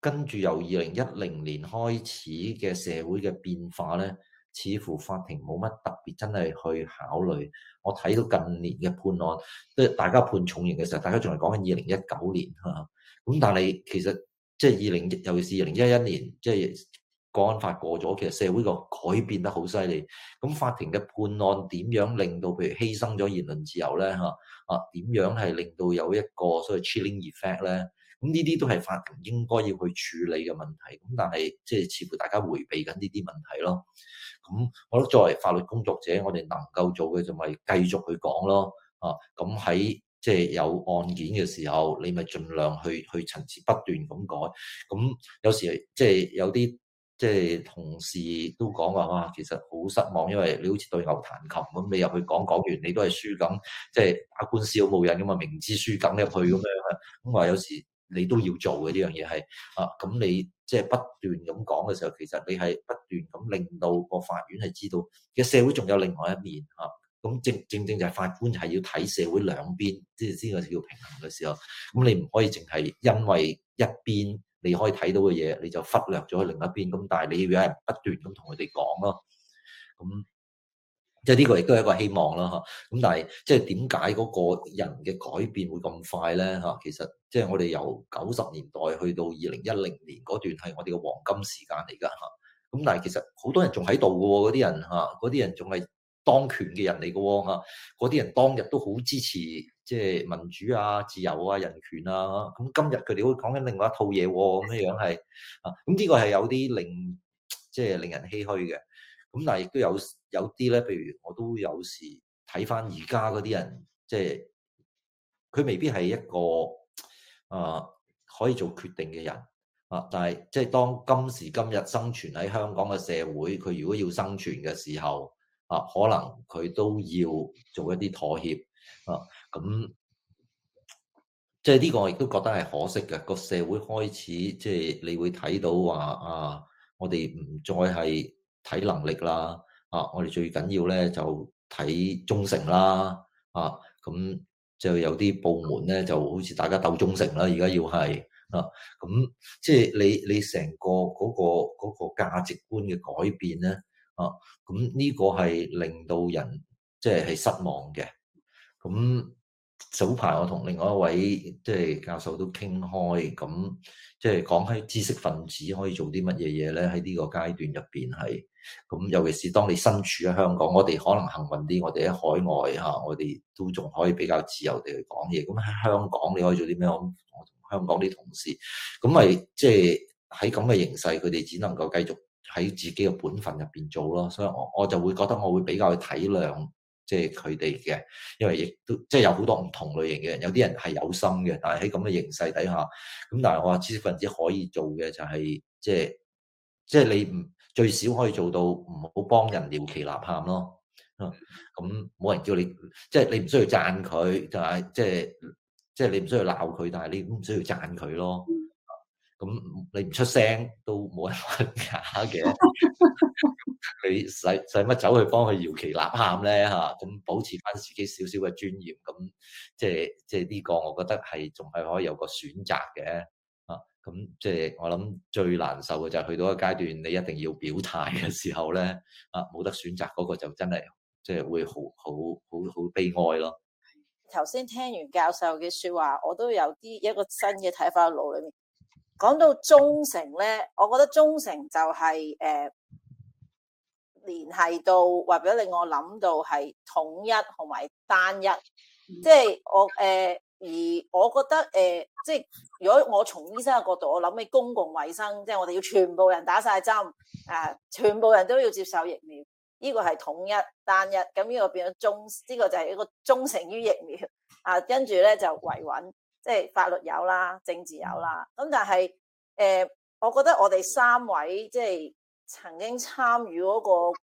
跟住由二零一零年開始嘅社會嘅變化咧，似乎法庭冇乜特別真係去考慮。我睇到近年嘅判案，即係大家判重刑嘅時候，大家仲係講緊二零一九年嚇。咁但係其實即係二零一，尤其是二零一一年，即係。國安法過咗，其實社會個改變得好犀利。咁法庭嘅判案點樣令到，譬如犧牲咗言論自由咧？吓啊，點樣係令到有一個所謂 chilling effect 咧？咁呢啲都係法庭應該要去處理嘅問題。咁但係即係似乎大家回避緊呢啲問題咯。咁我覺得作為法律工作者，我哋能夠做嘅就咪繼續去講咯。啊，咁喺即係有案件嘅時候，你咪盡量去去陳詞不斷咁改。咁有時即係、就是、有啲。即係同事都講話哇，其實好失望，因為你好似對牛彈琴咁，你入去講講完，你都係輸緊。即係打官司好冇癮噶嘛，明知輸緊入去咁樣啊。咁話有時你都要做嘅呢樣嘢係啊。咁你即係不斷咁講嘅時候，其實你係不斷咁令到個法院係知道其實社會仲有另外一面啊。咁正正正就係法官係要睇社會兩邊，即係先係要平衡嘅時候。咁你唔可以淨係因為一邊。你可以睇到嘅嘢，你就忽略咗去另一邊。咁但係你要有人不斷咁同佢哋講咯。咁即係呢個亦都係一個希望啦，嚇。咁但係即係點解嗰個人嘅改變會咁快咧？嚇，其實即係我哋由九十年代去到二零一零年嗰段係我哋嘅黃金時間嚟噶嚇。咁但係其實好多人仲喺度嘅喎，嗰啲人嚇，嗰啲人仲係，當權嘅人嚟嘅喎，嗰啲人當日都好支持即係民主啊、自由啊、人權啊，咁今日佢哋會講緊另外一套嘢咁、哦、樣樣係啊，咁呢個係有啲令即係、就是、令人唏噓嘅。咁但係亦都有有啲咧，譬如我都有時睇翻而家嗰啲人，即係佢未必係一個啊、呃、可以做決定嘅人啊，但係即係當今時今日生存喺香港嘅社會，佢如果要生存嘅時候。啊，可能佢都要做一啲妥協啊，咁即係呢個，我亦都覺得係可惜嘅。個社會開始即係、即係、你會睇到話啊，我哋唔再係睇能力啦，啊，我哋最緊要咧就睇忠誠啦，啊，咁就、啊、就有啲部門咧就好似大家鬥忠誠啦，而家要係啊，咁即係你你成個嗰、嗰個嗰、嗰個、價值觀嘅改變咧。啊，咁呢個係令到人即係係失望嘅。咁早排我同另外一位即係、就是、教授都傾開，咁即係講喺知識分子可以做啲乜嘢嘢咧？喺呢個階段入邊係，咁尤其是當你身處喺香港，我哋可能幸運啲，我哋喺海外嚇，我哋都仲可以比較自由地去講嘢。咁喺香港你可以做啲咩？我同香港啲同事，咁咪即係喺咁嘅形勢，佢哋只能夠繼續。喺自己嘅本分入邊做咯，所以我我就會覺得我會比較體諒即係佢哋嘅，因為亦都即係有好多唔同類型嘅人，有啲人係有心嘅，但係喺咁嘅形勢底下，咁但係我話知識分子可以做嘅就係即係即係你唔最少可以做到唔好幫人撩旗吶喊咯，咁冇人叫你即係你唔需要讚佢，就係即係即係你唔需要鬧佢，但係你都唔需要讚佢咯。咁你唔出聲都冇人問價嘅， *laughs* 你使使乜走去幫佢搖旗吶喊咧吓？咁保持翻自己少少嘅尊嚴，咁即係即係呢個，我覺得係仲係可以有個選擇嘅啊。咁即係我諗最難受嘅就係去到一個階段，你一定要表態嘅時候咧啊，冇得選擇嗰個就真係即係會好好好好悲哀咯。頭先聽完教授嘅說話，我都有啲一個新嘅睇法喺腦裏面。講到忠誠咧，我覺得忠誠就係、是、誒，聯、呃、系到或者令我諗到系統一同埋單一，即、就、係、是、我誒、呃，而我覺得誒、呃，即係如果我從醫生嘅角度，我諗起公共衛生，即、就、係、是、我哋要全部人打晒針，啊，全部人都要接受疫苗，呢、這個系統一單一，咁呢個變咗忠，呢、這個就係一個忠誠於疫苗啊，跟住咧就維穩。即係法律有啦，政治有啦，咁但係誒、呃，我覺得我哋三位即係、就是、曾經參與嗰個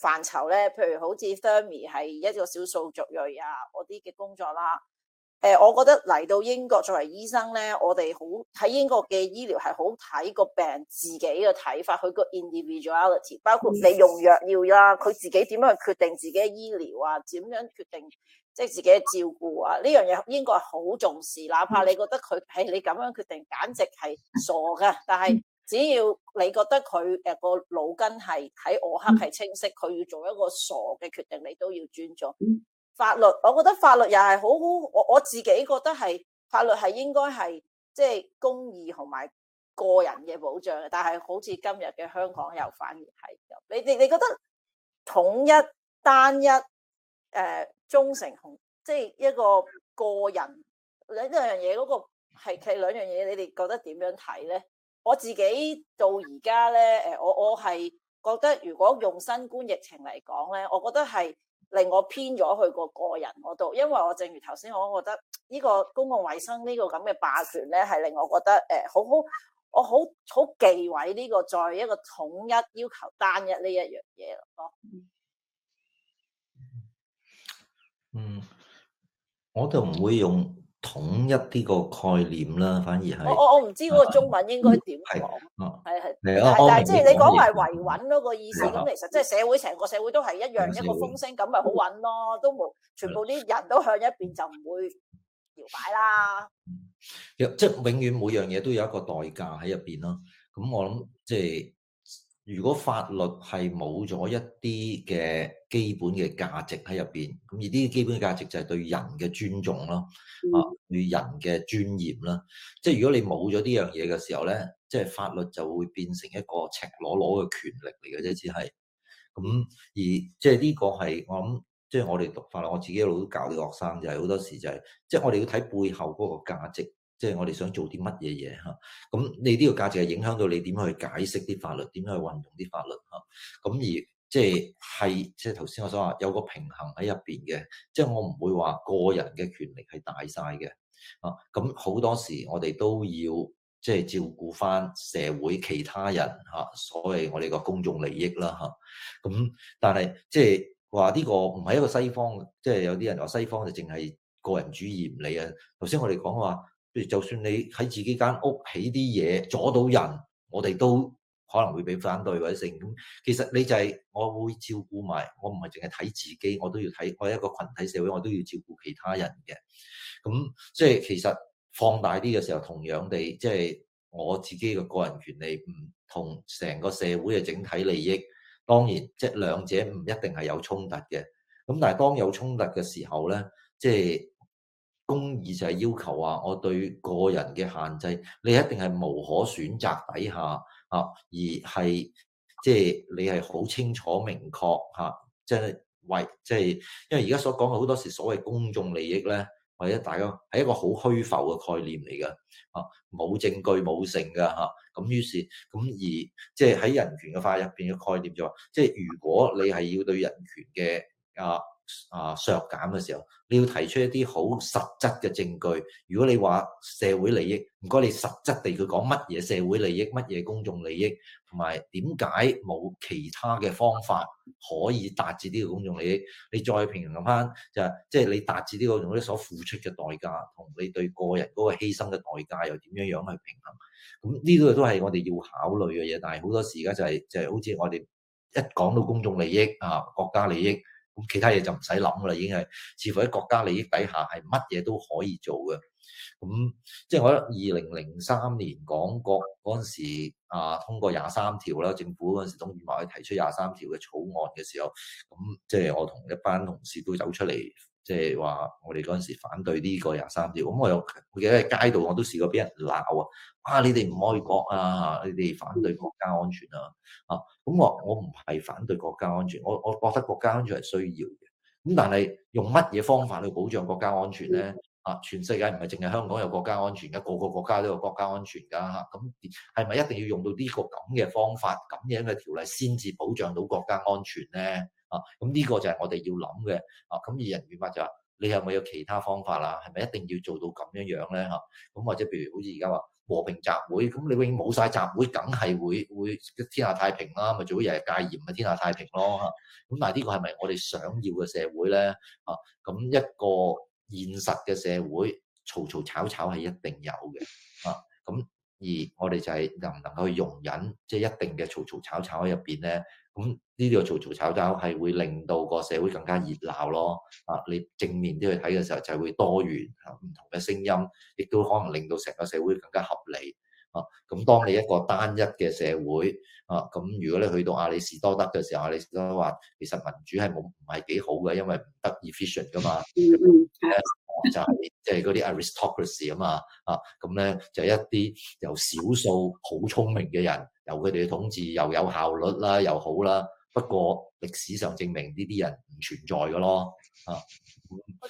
範疇咧，譬如好似 Jeremy 係一個少數族裔啊，嗰啲嘅工作啦。誒，我覺得嚟到英國作為醫生呢，我哋好喺英國嘅醫療係好睇個病自己嘅睇法，佢個 individuality，包括你用藥要啦，佢自己點樣去決定自己嘅醫療啊，點樣決定即係、就是、自己嘅照顧啊？呢樣嘢英國係好重視，哪怕你覺得佢係你咁樣決定，簡直係傻㗎。但係只要你覺得佢誒個腦筋係喺我黑係清晰，佢要做一個傻嘅決定，你都要尊重。法律，我覺得法律又係好好，我我自己覺得係法律係應該係即係公義同埋個人嘅保障。但係好似今日嘅香港又反而係，你你你覺得統一單一誒、呃、忠誠同即係一個個人兩兩樣嘢嗰、那個係睇兩樣嘢，你哋覺得點樣睇咧？我自己到而家咧，誒，我我係覺得如果用新冠疫情嚟講咧，我覺得係。令我偏咗去個個人嗰度，因為我正如頭先，我覺得呢個公共衛生呢個咁嘅霸權咧，係令我覺得誒，好好，我好好忌諱呢個再一個統一要求單一呢一樣嘢咯。嗯，我就唔會用。統一啲個概念啦，反而係我我唔知嗰個中文應該點講，係係係，但係即係你講為維穩嗰個意思咁，其實即係社會成個社會都係一樣，一個風聲咁咪好穩咯，都冇全部啲人都向一邊就唔會搖擺啦。即係永遠每樣嘢都有一個代價喺入邊咯，咁我諗即係。如果法律係冇咗一啲嘅基本嘅價值喺入邊，咁而啲基本嘅價值就係對人嘅尊重咯，嚇對、嗯啊、人嘅尊嚴啦。即係如果你冇咗呢樣嘢嘅時候咧，即係法律就會變成一個赤裸裸嘅權力嚟嘅啫，只係咁、嗯、而即係呢個係我諗，即、就、係、是、我哋讀法律，我自己一路都教啲學生就係、是、好多時就係、是，即係我哋要睇背後嗰個價值。即係我哋想做啲乜嘢嘢嚇，咁你呢個價值係影響到你點去解釋啲法律，點去運用啲法律嚇。咁而即係係即係頭先我所話有個平衡喺入邊嘅，即係我唔會話個人嘅權力係大晒嘅啊。咁好多時我哋都要即係照顧翻社會其他人嚇，所謂我哋個公眾利益啦嚇。咁但係即係話呢個唔係一個西方，即係有啲人話西方就淨係個人主義唔理啊。頭先我哋講話。譬如，就算你喺自己間屋起啲嘢阻到人，我哋都可能會被反對或者剩。咁其實你就係、是，我會照顧埋，我唔係淨係睇自己，我都要睇我一個群體社會，我都要照顧其他人嘅。咁即係其實放大啲嘅時候，同樣地，即、就、係、是、我自己嘅個人權利唔同成個社會嘅整體利益，當然即係、就是、兩者唔一定係有衝突嘅。咁但係當有衝突嘅時候咧，即係。公義就係要求啊，我對個人嘅限制，你一定係無可選擇底下啊，而係即係你係好清楚明確吓，即、就、係、是、為即係，就是、因為而家所講嘅好多時所謂公眾利益咧，或者大家係一個好虛浮嘅概念嚟嘅，啊，冇證據冇性噶吓，咁於是咁而即係喺人權嘅法入邊嘅概念就話、是，即、就、係、是、如果你係要對人權嘅啊。啊，削減嘅時候，你要提出一啲好實質嘅證據。如果你話社會利益，唔該，你實質地去講乜嘢社會利益，乜嘢公眾利益，同埋點解冇其他嘅方法可以達至呢個公眾利益？你再平衡翻，就係即係你達至呢個用呢所付出嘅代價，同你對個人嗰個犧牲嘅代價又點樣樣去平衡？咁呢個都係我哋要考慮嘅嘢。但係好多時而家就係、是、就係、是，好似我哋一講到公眾利益啊，國家利益。咁其他嘢，就唔使諗啦，已經係似乎喺國家利益底下係乜嘢都可以做嘅。咁即係我覺得二零零三年港國嗰陣時啊，通過廿三條啦，政府嗰陣時董建華提出廿三條嘅草案嘅時候，咁即係我同一班同事都走出嚟。即係話我哋嗰陣時反對呢個廿三條，咁我有我記得喺街道我都試過俾人鬧啊，啊你哋唔愛國啊，你哋反對國家安全啊，啊咁我我唔係反對國家安全，我我覺得國家安全係需要嘅，咁但係用乜嘢方法去保障國家安全咧？啊，全世界唔係淨係香港有國家安全嘅，個個國家都有國家安全噶，吓咁係咪一定要用到呢個咁嘅方法，咁樣嘅條例先至保障到國家安全咧？啊，咁呢個就係我哋要諗嘅。啊，咁二人語法就話、是，你係咪有其他方法啦？係咪一定要做到咁樣樣咧？嚇，咁或者譬如好似而家話和平集會，咁你永遠冇晒集會，梗係會會天下太平啦，咪最好日日戒嚴咪天下太平咯。嚇，咁但係呢個係咪我哋想要嘅社會咧？啊，咁一個現實嘅社會嘈嘈吵吵係一定有嘅。啊，咁而我哋就係又唔能夠去容忍，即係一定嘅嘈嘈吵吵喺入邊咧？咁呢啲嘈嘈吵吵係會令到個社會更加熱鬧咯，啊，你正面啲去睇嘅時候就係會多元，唔同嘅聲音，亦都可能令到成個社會更加合理，啊，咁當你一個單一嘅社會，啊，咁如果你去到阿里士多德嘅時候，阿里士多德話，其實民主係冇唔係幾好嘅，因為唔得 efficient 噶嘛。嗯嗯就係即係嗰啲 aristocracy 啊嘛，啊咁咧、嗯、就係、一啲由少數好聰明嘅人，由佢哋統治又有效率啦又好啦，不過歷史上證明呢啲人唔存在噶咯，啊，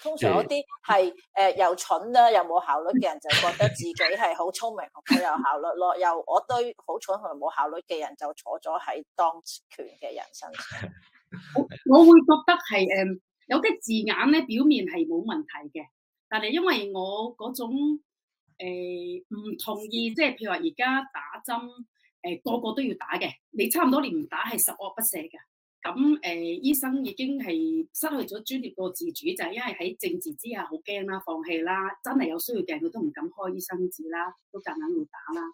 通常有啲係誒又蠢啦又冇效率嘅人就覺得自己係好聰明好 *laughs* 有效率咯，又我對好蠢同埋冇效率嘅人就坐咗喺當權嘅人身上， *laughs* 我我會覺得係誒有啲字眼咧表面係冇問題嘅。但係因為我嗰種誒唔、呃、同意，即係譬如話而家打針誒、呃、個個都要打嘅，你差唔多你唔打係十惡不赦嘅。咁誒、呃、醫生已經係失去咗專業個自主，就係因為喺政治之下好驚啦，放棄啦，真係有需要病佢都唔敢開醫生紙啦，都夾硬要打啦。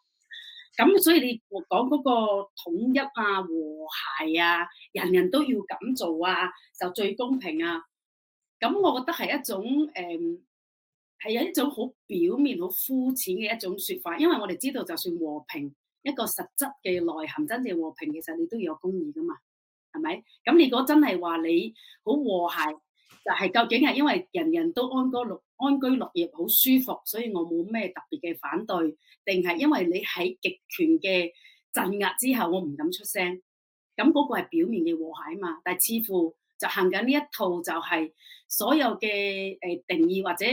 咁所以你講嗰個統一啊、和諧啊，人人都要咁做啊，就最公平啊。咁我覺得係一種誒。呃係有一種好表面、好膚淺嘅一種説法，因為我哋知道，就算和平一個實質嘅內涵，真正和平其實你都有公義噶嘛，係咪？咁你如果真係話你好和諧，就係究竟係因為人人都安居樂安居樂業好舒服，所以我冇咩特別嘅反對，定係因為你喺極權嘅鎮壓之後，我唔敢出聲。咁、那、嗰個係表面嘅和諧嘛，但係似乎就行緊呢一套就係所有嘅誒定義或者。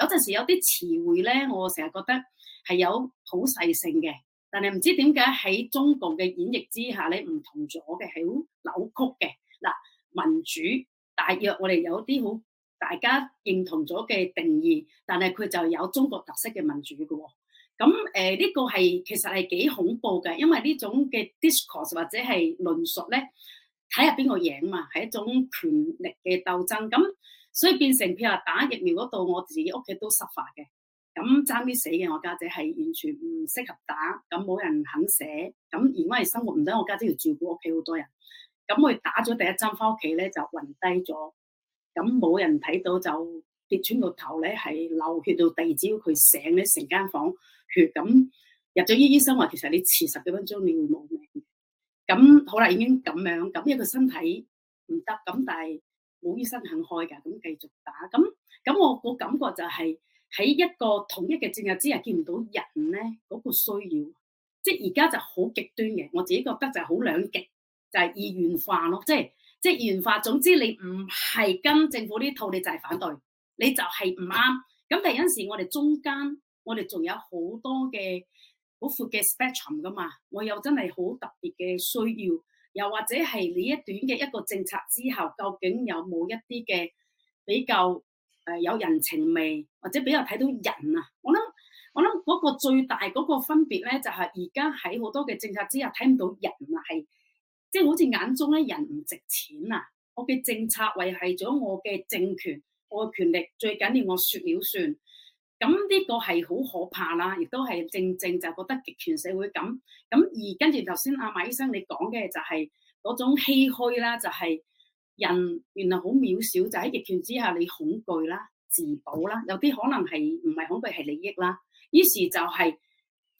有陣時有啲詞彙咧，我成日覺得係有普世性嘅，但係唔知點解喺中國嘅演繹之下咧唔同咗嘅，係好扭曲嘅。嗱，民主，大約我哋有啲好大家認同咗嘅定義，但係佢就有中國特色嘅民主嘅喎。咁誒呢個係其實係幾恐怖嘅，因為呢種嘅 discourse 或者係論述咧，睇下邊個贏嘛，係一種權力嘅鬥爭咁。嗯。所以變成譬如話打疫苗嗰度，我自己屋企都執法嘅。咁爭啲死嘅我家姐係完全唔適合打，咁冇人肯寫。咁而家係生活唔得，我家姐，姐要照顧屋企好多人。咁佢打咗第一針翻屋企咧就暈低咗，咁冇人睇到就跌穿個頭咧，係流血到第二朝佢醒咧，成間房血。咁入咗醫院醫生話，其實你遲十幾分鐘你會冇命。咁好啦，已經咁樣，咁一個身體唔得，咁但係。冇醫生肯開㗎，咁繼續打。咁咁我個感覺就係、是、喺一個統一嘅政策之下，見唔到人咧嗰、那個需要。即係而家就好極端嘅，我自己覺得就係好兩極，就係二元化咯。即係即係二元化，總之你唔係跟政府呢套，你就係反對，你就係唔啱。咁但係有陣時，我哋中間，我哋仲有好多嘅好闊嘅 spectrum 噶嘛。我又真係好特別嘅需要。又或者係呢一段嘅一個政策之後，究竟有冇一啲嘅比較誒、呃、有人情味，或者比較睇到人啊？我諗我諗嗰個最大嗰、嗰個分別咧，就係而家喺好多嘅政策之下睇唔到人啊，係即係好似眼中咧人唔值錢啊！我嘅政策維繫咗我嘅政權，我嘅權力最緊,緊要我説了算。咁呢個係好可怕啦，亦都係正正就覺得極權社會咁咁，而跟住頭先阿馬醫生你講嘅就係嗰種唏噓啦，就係、是、人原來好渺小，就喺、是、極權之下你恐懼啦、自保啦，有啲可能係唔係恐懼係利益啦，於是就係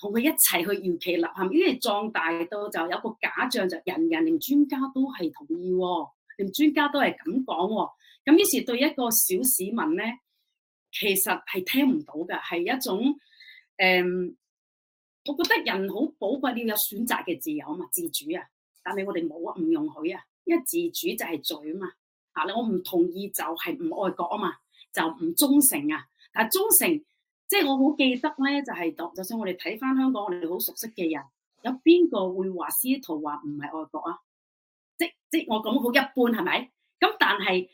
同佢一齊去搖旗吶喊，於是壯大到就有個假象，就是、人人連專家都係同意、哦，連專家都係咁講喎，咁於是對一個小市民咧。其實係聽唔到噶，係一種誒、嗯，我覺得人好寶貴要有選擇嘅自由啊嘛，自主啊，但係我哋冇啊，唔容許啊，因為自主就係罪啊嘛，吓，你我唔同意就係唔愛國啊嘛，就唔忠誠啊，但係忠誠，即係我好記得咧，就係當就算我哋睇翻香港，我哋好熟悉嘅人，有邊個會話司徒華唔係愛國啊？即即我講好一般係咪？咁但係。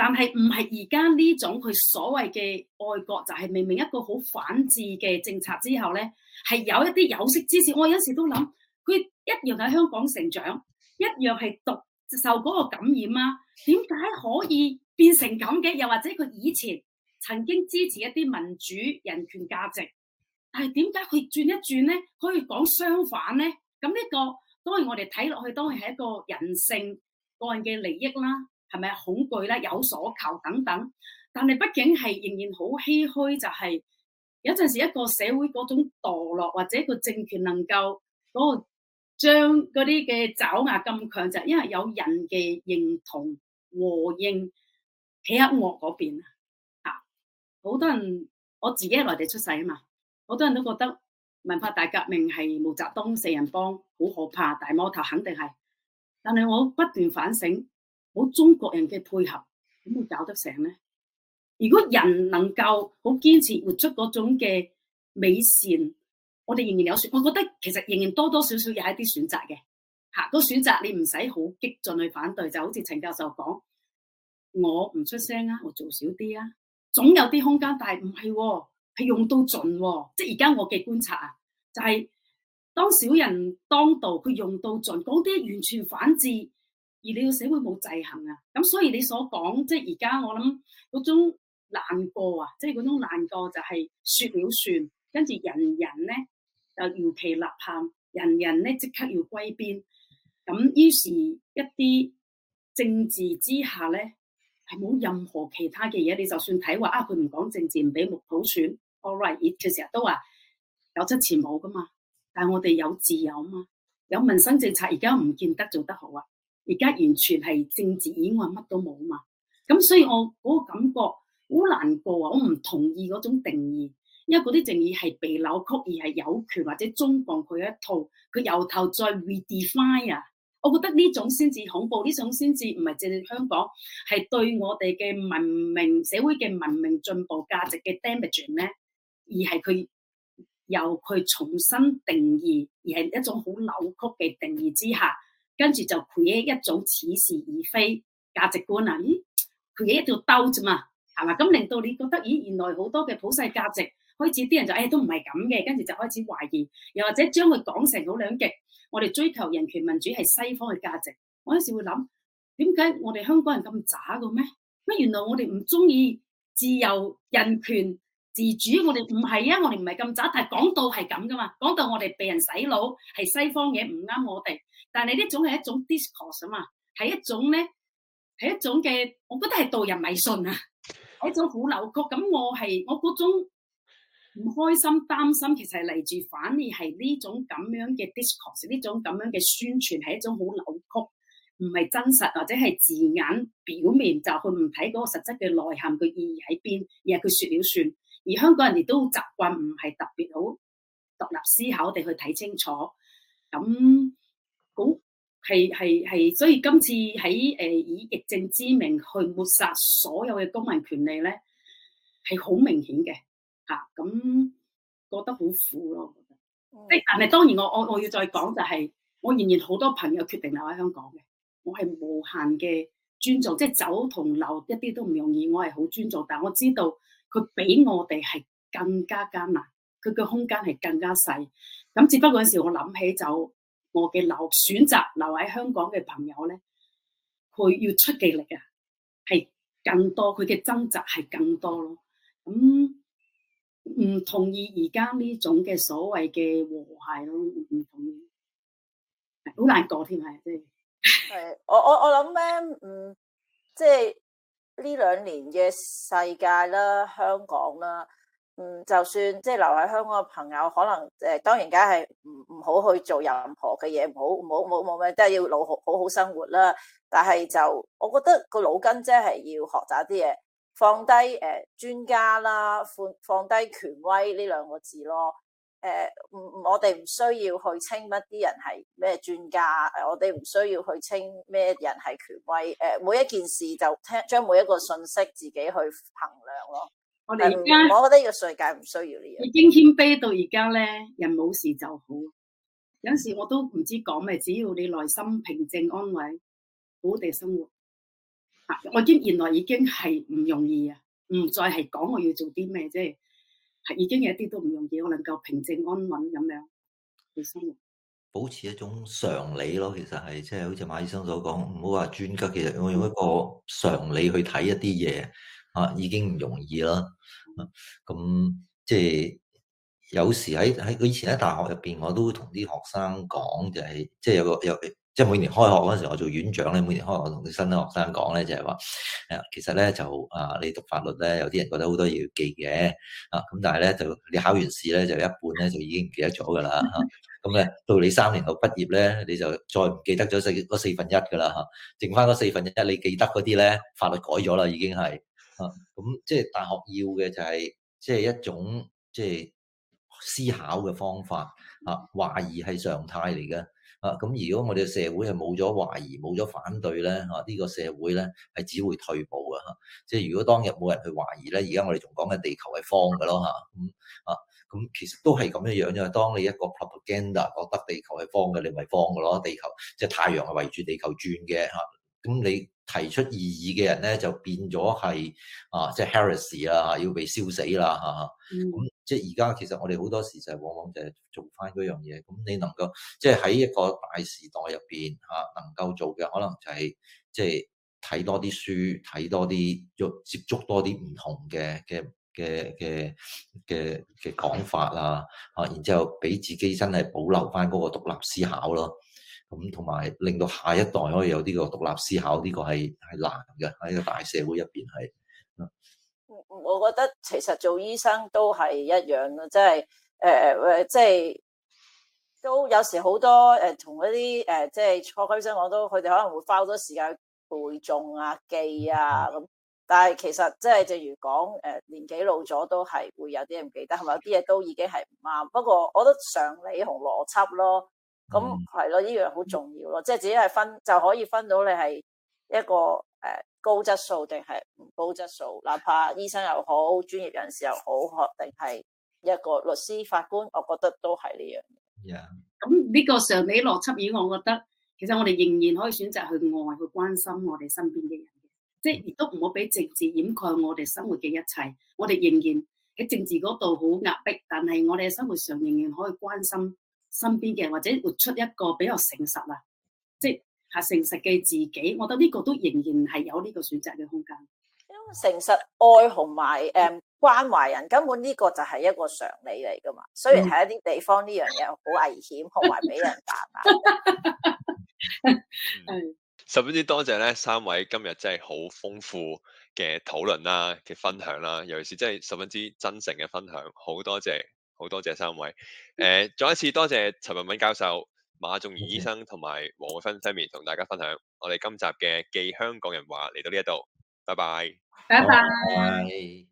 但係唔係而家呢種佢所謂嘅愛國，就係明明一個好反智嘅政策之後咧，係有一啲有識之士，我有時都諗，佢一樣喺香港成長，一樣係讀受嗰個感染啊，點解可以變成咁嘅？又或者佢以前曾經支持一啲民主人權價值，但係點解佢轉一轉咧？可以講相反咧？咁呢個當然我哋睇落去，當然係一個人性個人嘅利益啦。係咪恐懼啦？有所求等等，但係畢竟係仍然好唏噓，就係有陣時一個社會嗰種墮落或者個政權能夠嗰個將嗰啲嘅爪牙咁強，就係因為有人嘅認同和應企喺惡嗰邊啊！好多人我自己喺內地出世啊嘛，好多人都覺得文化大革命係毛澤東四人幫好可怕，大魔頭肯定係，但係我不斷反省。好中國人嘅配合，點會搞得成咧？如果人能夠好堅持活出嗰種嘅美善，我哋仍然有選。我覺得其實仍然多多少少有一啲選擇嘅吓。個選擇你唔使好激進去反對，就好似陳教授講，我唔出聲啊，我做少啲啊，總有啲空間。但係唔係，佢用到盡啊。即係而家我嘅觀察啊，就係當小人當道，佢用到盡嗰啲完全反智。而你個社會冇制衡啊，咁所以你所講即係而家我諗嗰種難過啊，即係嗰種難過就係説了算，跟住人人咧就搖旗吶喊，人人咧即刻要歸邊。咁於是，一啲政治之下咧係冇任何其他嘅嘢。你就算睇話啊，佢唔講政治，唔俾木普選。All right，佢成日都話有出錢冇噶嘛，但係我哋有自由啊嘛，有民生政策而家唔見得做得好啊。而家完全係政治演我乜都冇嘛，咁所以我嗰個感覺好難過啊！我唔同意嗰種定義，因為嗰啲定義係被扭曲而係有權或者中共佢一套，佢由頭再 redefine 啊！我覺得呢種先至恐怖，呢種先至唔係淨係香港，係對我哋嘅文明、社會嘅文明進步價值嘅 damage 咧，而係佢由佢重新定義，而係一種好扭曲嘅定義之下。跟住就培起一種似是而非價值觀啊！咦、嗯，佢一條兜咋嘛，係嘛？咁令到你覺得咦，原來好多嘅普世價值開始啲人就誒、哎、都唔係咁嘅，跟住就開始懷疑，又或者將佢講成好兩極。我哋追求人權民主係西方嘅價值。我有時會諗，點解我哋香港人咁渣嘅咩？乜原來我哋唔中意自由、人權、自主？我哋唔係啊！我哋唔係咁渣，但係講到係咁㗎嘛，講到我哋被人洗腦係西方嘢唔啱我哋。但係呢種係一種 discourse 啊嘛，係一種咧，係一種嘅，我覺得係導人迷信啊，係 *laughs* 一種好扭曲。咁我係我嗰種唔開心、擔心，其實係嚟自，反而係呢種咁樣嘅 discourse，呢種咁樣嘅宣傳係一種好扭曲，唔係真實或者係字眼表面就去唔睇嗰個實質嘅內涵嘅意義喺邊，而係佢說了算。而香港人哋都習慣唔係特別好獨立思考地去睇清楚，咁。係係係，是是是，所以今次喺誒，以疫症之名去抹殺所有嘅公民權利咧，係好明顯嘅吓，咁覺得好苦咯。嗯、但係當然，我我我要再講就係，我仍然好多朋友決定留喺香港嘅，我係無限嘅尊重，即係走同留一啲都唔容易，我係好尊重，但係我知道佢比我哋係更加艱難，佢嘅空間係更加細。咁只不過嗰時我諗起就。我嘅留選擇留喺香港嘅朋友咧，佢要出嘅力啊，係更多，佢嘅掙扎係更多咯。咁、嗯、唔同意而家呢種嘅所謂嘅和諧咯，唔同意，好難過添係。係、嗯、 *laughs* 我我我諗咧，嗯，即係呢兩年嘅世界啦，香港啦。嗯，就算即係留喺香港嘅朋友，可能誒、呃、當然梗係唔唔好去做任何嘅嘢，唔好冇冇冇咩，都係要老好好好生活啦。但係就我覺得個腦筋即係要學習啲嘢，放低誒、呃、專家啦，放放低權威呢兩個字咯。誒、呃，唔我哋唔需要去稱乜啲人係咩專家，我哋唔需要去稱咩人係權威。誒、呃，每一件事就聽將每一個信息自己去衡量咯。我而家我覺得個世界唔需要呢樣。已經謙卑到而家咧，人冇事就好。有時我都唔知講咩，只要你內心平靜安穩，好地生活。吓，我知原來已經係唔容易啊，唔再係講我要做啲咩即係已經有一啲都唔容易。我能夠平靜安穩咁樣去生活，保持一種常理咯。其實係即係，即係，好似馬醫生所講，唔好話專家，其實我用一個常理去睇一啲嘢。啊，已經唔容易啦。咁即係有時喺喺佢以前喺大學入邊，我都同啲學生講就係，即係有個有即係每年開學嗰陣時，我做院長咧，每年開學同啲新啲學生講咧就係話，誒，其實咧就啊，你讀法律咧，有啲人覺得好多嘢要記嘅啊。咁但係咧就你考完試咧就一半咧就已經記得咗噶啦。咁咧的、嗯嗯、到你三年後畢業咧，你就再唔記得咗四四分一噶啦。吓，剩翻嗰四分一你記得嗰啲咧，法律改咗啦，已經係。啊，咁即係大學要嘅就係，即係一種即係思考嘅方法。啊，懷疑係常態嚟嘅。啊，咁如果我哋社會係冇咗懷疑、冇咗反對咧，啊、這、呢個社會咧係只會退步嘅。即、就、係、是、如果當日冇人去懷疑咧，而家我哋仲講緊地球係方嘅咯。吓，咁啊，咁其實都係咁樣樣啫。當你一個 propaganda 覺得地球係方嘅，你咪方嘅咯。地球即係、就是、太陽係圍住地球轉嘅。吓，咁你。提出異議嘅人咧，就變咗係啊，即係 heresy 啦，要被燒死啦嚇。咁即係而家其實我哋好多時就係往往就係做翻嗰樣嘢。咁你能夠即係喺一個大時代入邊嚇，能夠做嘅可能就係即係睇多啲書，睇多啲，接觸多啲唔同嘅嘅嘅嘅嘅嘅講法啊。啊，然之後俾自己真係保留翻嗰個獨立思考咯。咁同埋令到下一代可以有呢個獨立思考，呢、這個係係難嘅喺個大社會入邊係。我覺得其實做醫生都係一樣啦，即係誒，即、呃、係、就是、都有時好多誒同嗰啲誒即係初級醫生，我都佢哋可能會花好多時間去背誦啊記啊咁。但係其實即係正如講誒、呃、年紀老咗都係會有啲唔記得，係咪有啲嘢都已經係唔啱？不過我覺得常理同邏輯咯。咁係咯，呢樣好重要咯，即係只係分就可以分到你係一個誒、呃、高質素定係唔高質素，哪怕醫生又好，專業人士又好，或定係一個律師、法官，我覺得都係呢樣。咁呢、嗯嗯、個常理邏輯而，我覺得其實我哋仍然可以選擇去愛、去關心我哋身邊嘅人，嘅，即係亦都唔會俾政治掩蓋我哋生活嘅一切。我哋仍然喺政治嗰度好壓迫，但係我哋喺生活上仍然可以關心。身邊嘅人，或者活出一個比較誠實啊，即係誠實嘅自己，我覺得呢個都仍然係有呢個選擇嘅空間。因為誠實愛同埋誒關懷人，根本呢個就係一個常理嚟噶嘛。雖然係一啲地方呢樣嘢好危險，同埋俾人打。 *laughs* 嗯、十分之多謝咧，三位今日真係好豐富嘅討論啦，嘅分享啦，尤其是真係十分之真誠嘅分享，好多謝。好多謝三位，誒、呃，再一次多謝陳文敏教授、馬仲儀醫生同埋王惠芬師妹同大家分享。我哋今集嘅記香港人話嚟到呢一度，拜拜，拜拜，拜拜拜拜。